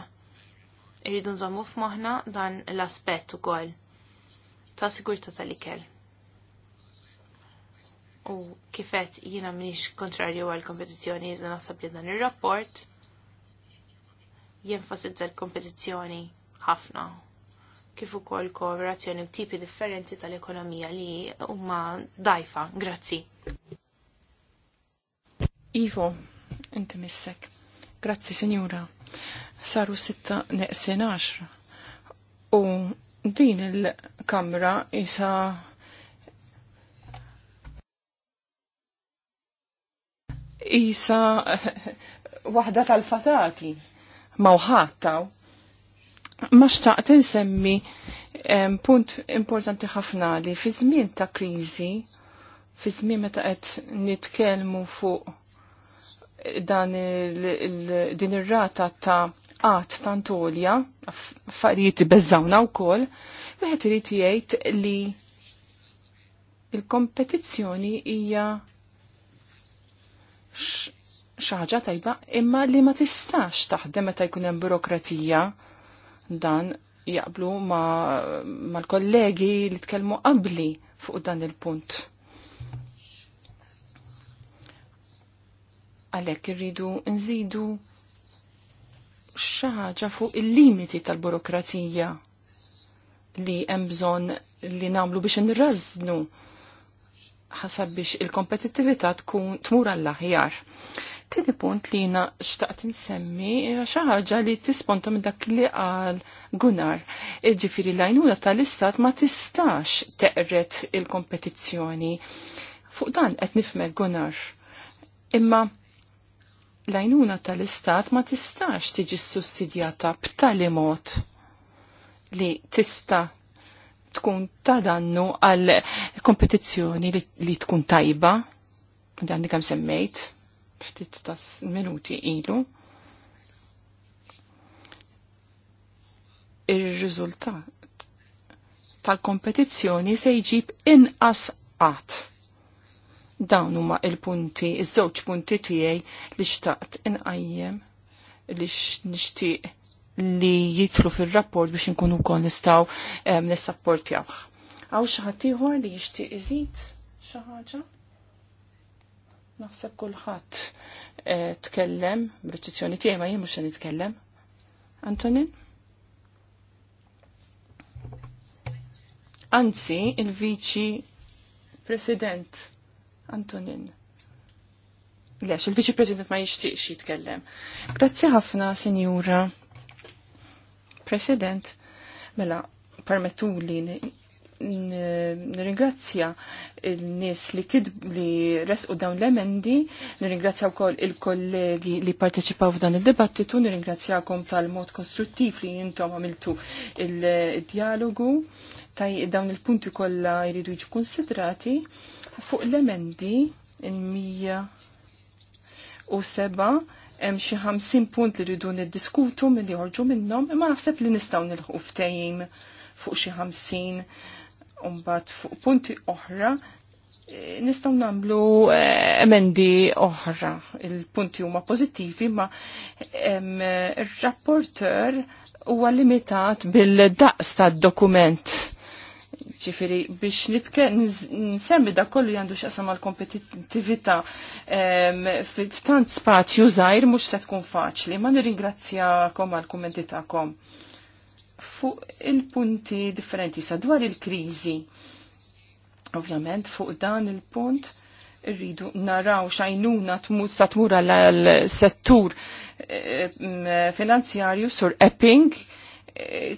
Irridu nżommu f'moħħna dan l-aspett ukoll ta' sigurtà tal-ikel u kifet jiena minix kontrarju għal kompetizzjoni jizna naħseb li dan ir-rapport jenfasizza l-kompetizzjoni ħafna kif ukoll kooperazzjoni b'tipi differenti tal-ekonomija li huma dajfa. Grazzi. Ivo, inti missek. Grazzi, Sinjura. Saru sitta neqsin U din il-kamra isa isa waħda tal-fatati ma' uħattaw. Ma xtaqt insemmi punt importanti ħafna li fi żmien ta' kriżi, fi żmien meta qed nitkellmu fuq dan din ir-rata ta' għat ta' Antolja, affarijiet beżawna wkoll, wieħed irid jgħid li il-kompetizzjoni hija xaħġa tajba imma li ma tistax taħdem meta jkun hemm burokrazija dan jaqblu mal-kollegi li tkellmu qabli fuq dan il-punt. Għalhekk irridu nżidu xaħġa fuq il-limiti tal-burokrazija li hemm bżonn li nagħmlu biex nirrażnu ħasab biex il-kompetittività tkun tmur għall-aħjar. Tieni punt li jina xtaqt insemmi xi ħaġa li tisponta minn dak li qal Gunnar. Ġifiri l-għajnuna tal-istat ma tistax teqret il-kompetizzjoni. Fuq dan qed nifme Gunnar. Imma l tal-istat ma tistax tiġi sussidjata b'tali mod li tista' tkun ta' dannu għal kompetizzjoni li, li tkun tajba, għandi għandi kam semmejt, ftit ta' minuti ilu. Ir-riżultat tal-kompetizzjoni se jġib inqas qatt. Dawn huma il-punti, iż-żewġ punti tiegħi li xtaqt inqajjem li nixtieq li jitlu fil-rapport biex nkunu kon nistaw eh, nissapportjawh. Għaw xaħatiħor ieħor li jixtieq iżid xi ħaġa? Naħseb kulħadd eh, tkellem reċizjoni tiegħi ma jien mhux nitkellem. Antonin? Anzi, il-Viċi President Antonin. Lex, il-Viċi President ma jixtieqx jitkellem. Grazzi ħafna, Sinjura President, mela permettu li nirringrazzja il-nis li kidb li resqu dawn l-emendi, nirringrazzja wkoll il-kollegi li parteċipaw f'dan id-dibattitu, nirringrazzjakom tal-mod konstruttiv li jintom għamiltu il-dialogu taj dawn il-punti kollha jridu jiġu konsidrati fuq l-emendi il-mija u seba' hemm xi ħamsin punt li rridu niddiskutu milli joħorġu minnhom, imma naħseb li nistgħu nilħu ftehim fuq xi ħamsin mbagħad fuq punti oħra eh, nistgħu nagħmlu eh, emendi oħra. Il-punti huma pożittivi ma eh, ir-rapporter huwa limitat bil-daqs tad-dokument ċifiri biex nsemmi da kollu jandu x'asam għal kompetittivita f'tant spazju zaħir mux se tkun faċli. Ma nirringrazzjakom għal kommenti kom. Fuq il-punti differenti sa dwar il-krizi. Ovvjament fuq dan il-punt rridu naraw xajnuna tmut sa tmur għal settur eh, finanzjarju sur Epping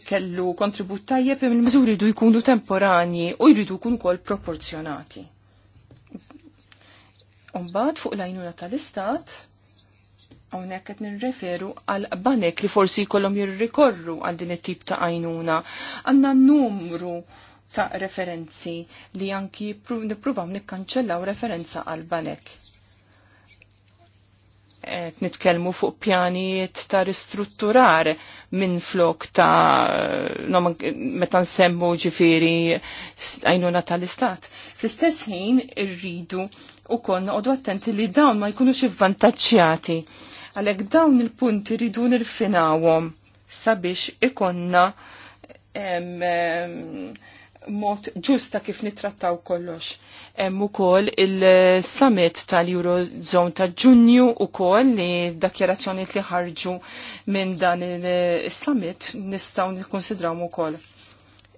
kellu kontribut tajjeb il-miżuri jridu jkunu temporani u jridu kun kol proporzjonati. Umbad fuq lajnuna tal-istat, għonek għet nirreferu għal banek li forsi kolom jirrikorru għal din it-tip ta' għajnuna. Għanna numru ta' referenzi li anki nipruvaw nikkanċellaw referenza għal banek. Nitkelmu fuq pjanijiet ta' ristrutturar minn flok ta' no, meta nsemmu ġifiri għajnuna tal-istat. Fl-istess ħin irridu u kon għodu attenti li dawn ma jkunux ivvantaġġjati. Għalek dawn il-punti rridu nirfinawhom sabiex ikonna em, em, mod ġusta kif nitrattaw kollox. Hemm ukoll il-summit tal-Eurozone ta' Ġunju ukoll li dakjerazzjoni li ħarġu minn dan il-summit nistgħu nikkonsidraw ukoll.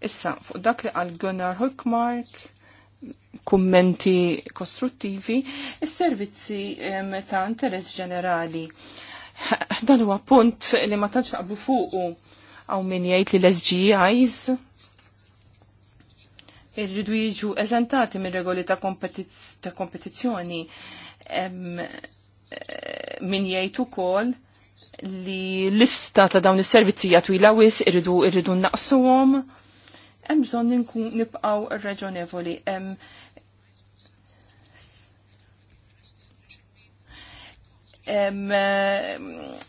Issa, fuq dak li għal Gunnar Hookmark, kummenti kostruttivi, is-servizzi ta' interess ġenerali. Dan huwa punt li ma tantx naqbu fuqu għaw min jgħid li l-SGIs irridu jiġu eżentati minn regoli ta' kompetizzjoni eh, min jgħid ukoll li lista ta' dawn is-servizzi twila wis irridu irridu naqsuhom hemm bżonn inkun nibqgħu raġonevoli eh,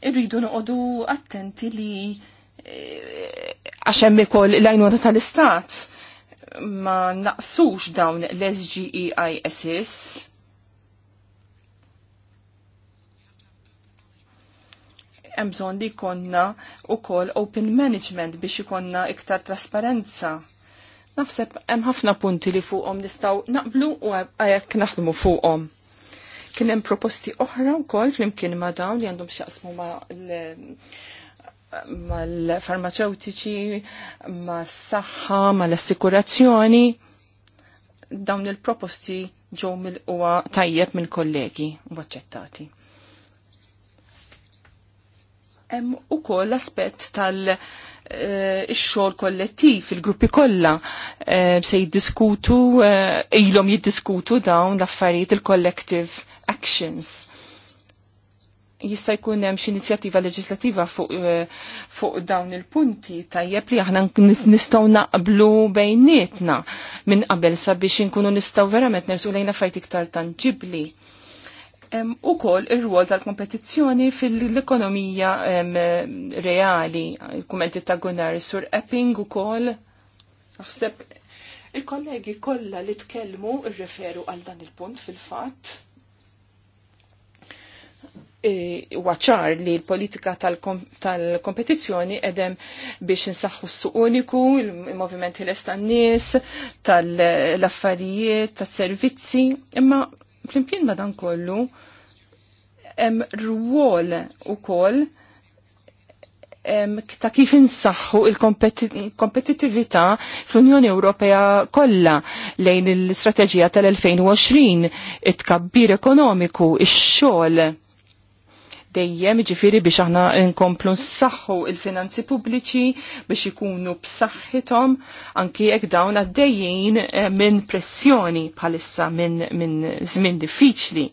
irridu noqogħdu attenti li eh, għax hemm ikoll l-għajnuna tal-istat ma naqsux dawn l-SGEISS e bżonn li jkollna wkoll open management biex ikonna iktar trasparenza. Nafseb hemm ħafna punti li fuqhom nistgħu naqblu u għajek naħdmu fuqhom. Kien hemm proposti oħra wkoll flimkien ma' dawn li għandhom x'jaqsmu ma' mal-farmaceutiċi, mal saħħa mal-assikurazzjoni, dawn il-proposti ġew mill-qwa tajjeb mill-kollegi u aċċettati. Hemm ukoll l-aspett tal- eh, ix-xogħol kollettiv, il-gruppi kollha eh, se jiddiskutu, eh, ilhom jiddiskutu dawn l-affarijiet il-collective actions jista' jkun hemm xi inizjattiva leġislattiva fuq, eh, fuq dawn il-punti tajjeb li aħna nistgħu naqblu bejnietna minn qabel sabiex inkunu nistgħu verament nersu lejna fajt iktar tanġibbli. U kol ir-rwol tal-kompetizzjoni fil-ekonomija reali, il-kumenti ta' Gunnar Sur Epping u kol, il-kollegi kollha li tkellmu ir-referu għal dan il-punt fil-fatt waċar li l-politika tal-kompetizjoni tal edem biex nsaħħu s-suq uniku, il movimenti l-estannis, nies tal-affarijiet, tas-servizzi, imma fl-impjien madan kollu hemm rwol ukoll ta' kif insaħħu il-kompetitività fl-Unjoni Ewropea kollha lejn l-istrateġija tal-2020, it-kabbir ekonomiku, ix-xogħol dejjem ġifiri biex aħna nkomplu nsaħħu il-finanzi pubbliċi biex ikunu b'saħħithom anki jekk dawn għaddejjin eh, minn pressjoni bħalissa minn min żmien diffiċli.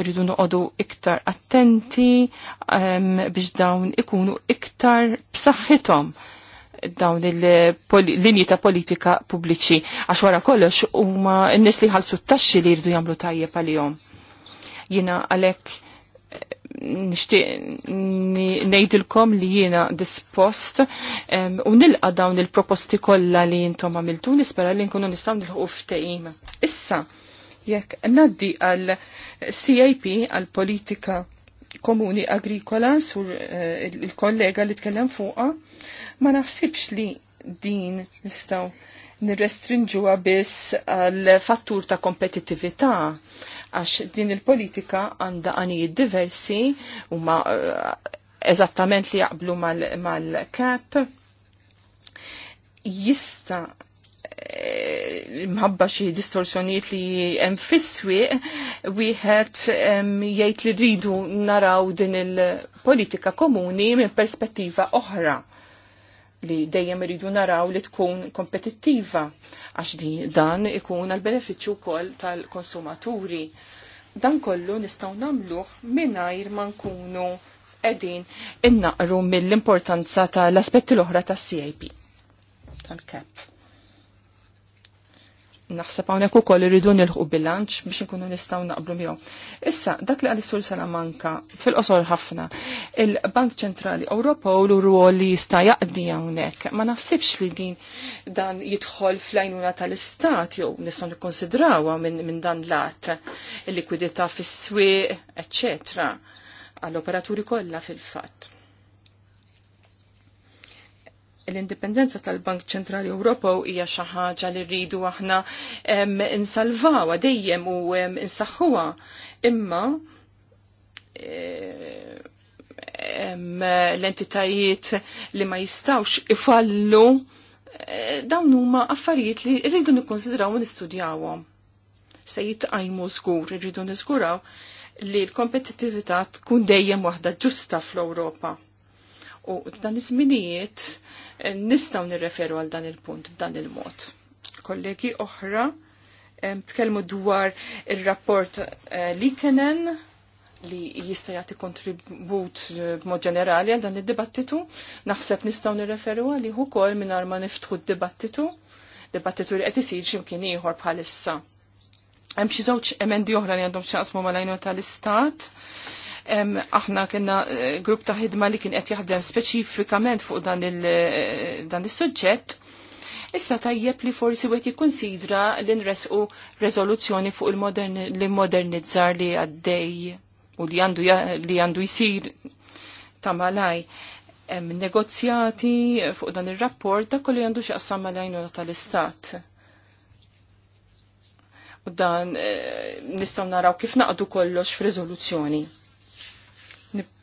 Rridu noqogħdu iktar attenti um, biex dawn ikunu iktar b'saħħithom dawn il-linji ta' politika pubbliċi għax wara kollox huma n-nies li ħalsu t-taxxi li jridu jagħmlu tajjeb għalihom jina għalek nishtiq nejdilkom li jiena dispost um, u nilqa dawn il-proposti kollha li jintom għamiltu nispera li nkunu nistgħu nilħu ftehim. Issa, jekk naddi għal CIP għal politika komuni agrikola sur uh, il-kollega li tkellem fuqa, ma naħsibx li din nistgħu nirrestrinġuha biss għal fattur ta' kompetitivita' għax din il-politika għanda għanijiet diversi u ma eh, eżattament li jaqblu mal-kap jista eh, mħabba xi distorsjonijiet li hemm fis wieħed jgħid li rridu naraw din il-politika komuni minn perspettiva oħra li dejjem iridu naraw li tkun kompetittiva għax dan ikun għal benefiċċju wkoll tal-konsumaturi. Dan kollu nistgħu nagħmluh mingħajr ma nkunu edin innaqru mill-importanza tal-aspetti l-oħra tas-CIP tal-CAP naħseb hawnhekk ukoll iridu nilħu bilanċ biex inkunu nistgħu naqblu miegħu. Issa dak li għal Salamanka fil-qosor ħafna, il-Bank Ċentrali Ewropew l rwol li jista' jaqdi hawnhekk. Ma naħsibx li din dan jidħol fl-għajnuna tal-istat jew nistgħu nikkonsidrawha minn dan dan lat il-likwidità fis-swieq, eċċetra għall-operaturi kollha fil-fatt l-indipendenza tal-Bank Ċentrali Ewropew hija xi ħaġa li rridu aħna insalvawha dejjem u insaħħuha. Imma l-entitajiet li ma jistawx ifallu eh, dawn huma affarijiet li rridu nikkonsidraw u nistudjawhom. Se jitqajmu żgur, irridu niżguraw li l-kompetittività tkun dejjem waħda ġusta fl-Ewropa. U dan iż-żminijiet nistaw nirreferu għal dan il-punt b'dan il-mod. Kollegi oħra, tkellmu dwar il-rapport eh, li kenen li jista' jagħti kontribut eh, b'mod ġenerali għal dan id-dibattitu, naħseb nistgħu nirreferu għalih ukoll mingħajr ma niftħu d-dibattitu, dibattitu li qed isir x'imkien ieħor bħalissa. Hemm xi żewġ emendi oħra li għandhom x'jaqsmu mal-għajnu tal-istat Aħna kena eh, grupp ta' ħidma li kien qed jaħdem speċifikament fuq dan il-suġġett. Eh, Issa tajjeb li forsi wieħed jikkonsidra li nresqu rezoluzzjoni fuq il-modernizzar li għaddej u li għandu, li għandu jisir ta' malaj hemm negozjati fuq dan ir-rapport dak kollu għandu x'aqsam mal u tal-istat. U dan eh, nistgħu naraw kif naqdu kollox f'riżoluzzjoni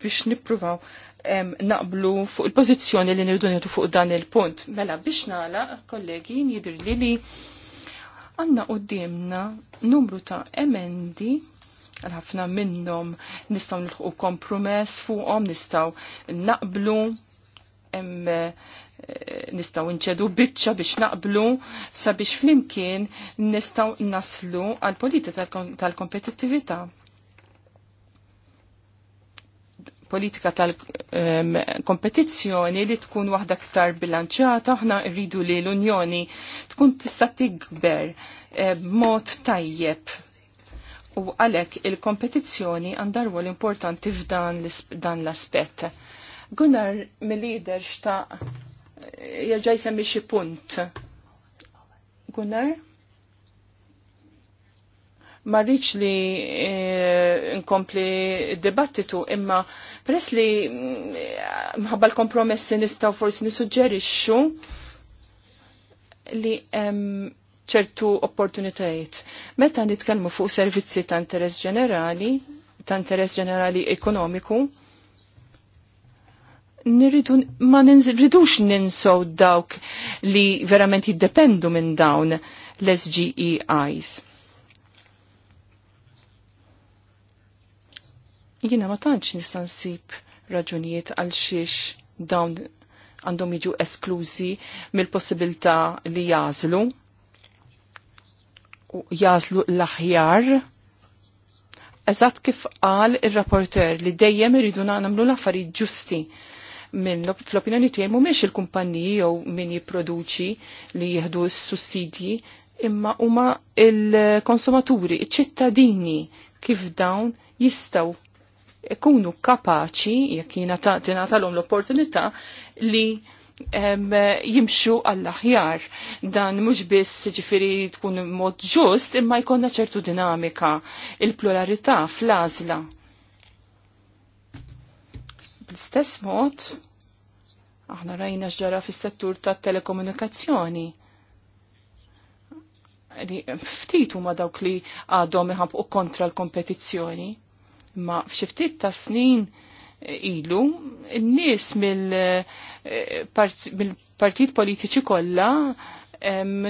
biex nippruvaw naqblu fuq il-pozizjoni li nirdu nirdu fuq dan il-punt. Mela biex nagħlaq, kollegi, jidir li li għanna qoddimna numru ta' emendi ħafna minnom nistaw nilħu kompromess fuqhom, nistaw naqblu, em, eh, nistaw nċedu bitċa biex naqblu, sabiex flimkien nistaw naslu għal politika tal-kompetittività. tal kompetittivita tal politika tal-kompetizzjoni li tkun waħda ktar bilanċata, aħna rridu li l-Unjoni tkun tista' tikber eh, b'mod tajjeb. U għalhekk il-kompetizzjoni għandha rwol importanti f'dan l-aspett. Gunnar mill-lider xta' eh, jerġa' jsemmi xi punt. Gunnar? marriċ li eh, nkompli dibattitu imma Peress li mm, mħabba l-kompromessi nistaw forsi nisuġġerixxu li ċertu opportunitajiet. Meta nitkellmu fuq servizzi ta' interess ġenerali, ta' interess ġenerali ekonomiku, nirridu ma nirridux ninsow dawk li verament jiddependu minn dawn l-SGEIs Jiena ma tantx nista' nsib raġunijiet għal xiex dawn għandhom jiġu esklużi mill-possibilità li jażlu u jażlu l-aħjar. Eżatt kif qal ir-rapporter li dejjem iridu nagħmlu l-affarijiet ġusti minn fl-opinjoni tiegħi mhumiex il-kumpaniji jew min jipproduċi li jieħdu s-sussidji imma huma il-konsumaturi, iċ-ċittadini kif dawn jistaw ikunu kapaċi, jekk jina tingħatalhom l-opportunità li jimxu għall-aħjar. Dan mhux biss ġifiri tkun mod ġust, imma jkollna ċertu dinamika, il-pluralità fl-għażla. Bl-istess mod, aħna rajna xġara fis-settur tat-telekomunikazzjoni ftit huma dawk li għadhom iħabqu kontra l-kompetizzjoni. Ma f'xiftit ta' snin ilu, n-nies eh, mill-partit politiċi kollha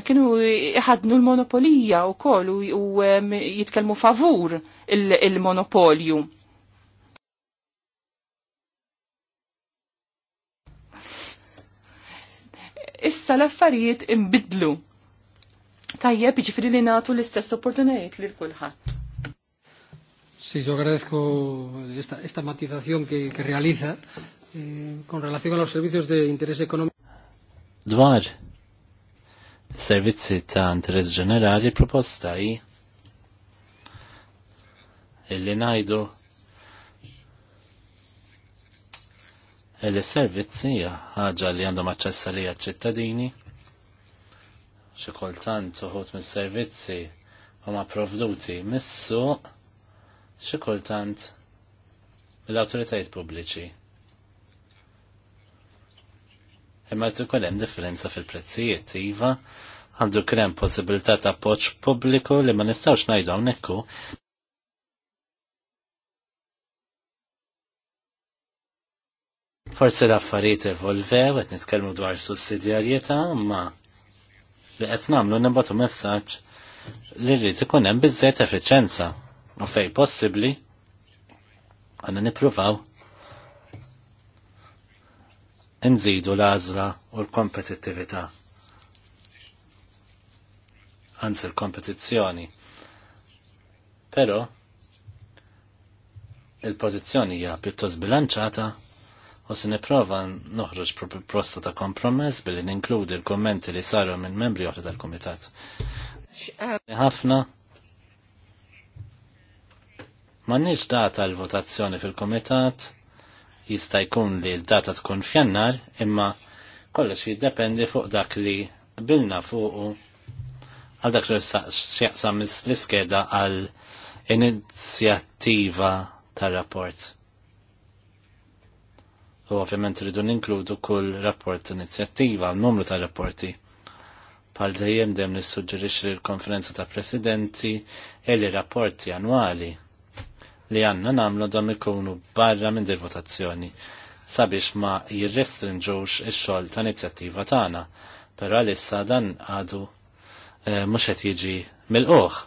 kienu iħadnu l-monopolija u koll u jitkelmu favur il-monopolju. issa l-affarijiet imbidlu. Tajjeb iġifiri li natu l-istess opportunajiet li l-kulħadd. Sí, yo agradezco esta, esta matización que, que realiza eh, con relación a los servicios de interés económico. Dwar servizi ta' interes ġenerali proposta i illi ngħidu illi servizi hija ħaġa li għandhom aċċess għalija ċittadini xi kultant uħud mis-servizzi huma provduti mis-suq xi kultant mill-awtoritajiet pubbliċi. Imma qed ikun hemm differenza fil-prezzijiet iva, għandu krem possibilità ta' poċ pubbliku li ma nistgħux najdu hawnhekk Forse l-affarijiet evolvew, qed nitkellmu dwar sussidjarieta, ma li qed nagħmlu nibgħatu messaġġ li rrid ikun hemm biżżejjed effiċenza u fej possibli għanna nipruvaw nżidu l azra u l-kompetittività. Anzi l-kompetizzjoni. Pero il-pozizjoni hija pjuttost bilanċata u se nipprova noħroġ prosta ta' kompromess billi ninkludi l-kommenti li saru minn membri oħra tal-Kumitat. Uh, Ħafna Ma M'għandniex data l-votazzjoni fil-Kumitat, jista' jkun li l-data tkun f'jannar, imma kollox jiddependi fuq dak li bilna fuq. għal dak li x'jaqsam l-iskeda għal inizjattiva tar-rapport. U ovvjament rridu ninkludu kull rapport inizjattiva, għal numru tal rapporti. Pal dejjem dem nissuġġerixxi l-konferenza ta' presidenti e li rapporti annwali li għanna namlu dam ikunu barra minn dil votazzjoni sabiex ma jirrestrinġux ix-xogħol ta' inizjattiva tagħna, però għalissa dan għadu e, mhux qed jiġi mill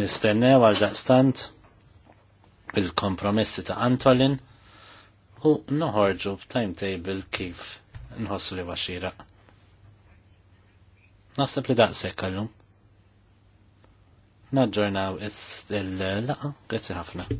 Nistennew għal daqstant il-kompromessi ta' Antolin u noħorġu b'timetable kif nħossu li waxira. Naħseb li daqshekk għallum naġġornaw il-laqa. Grazzi ħafna.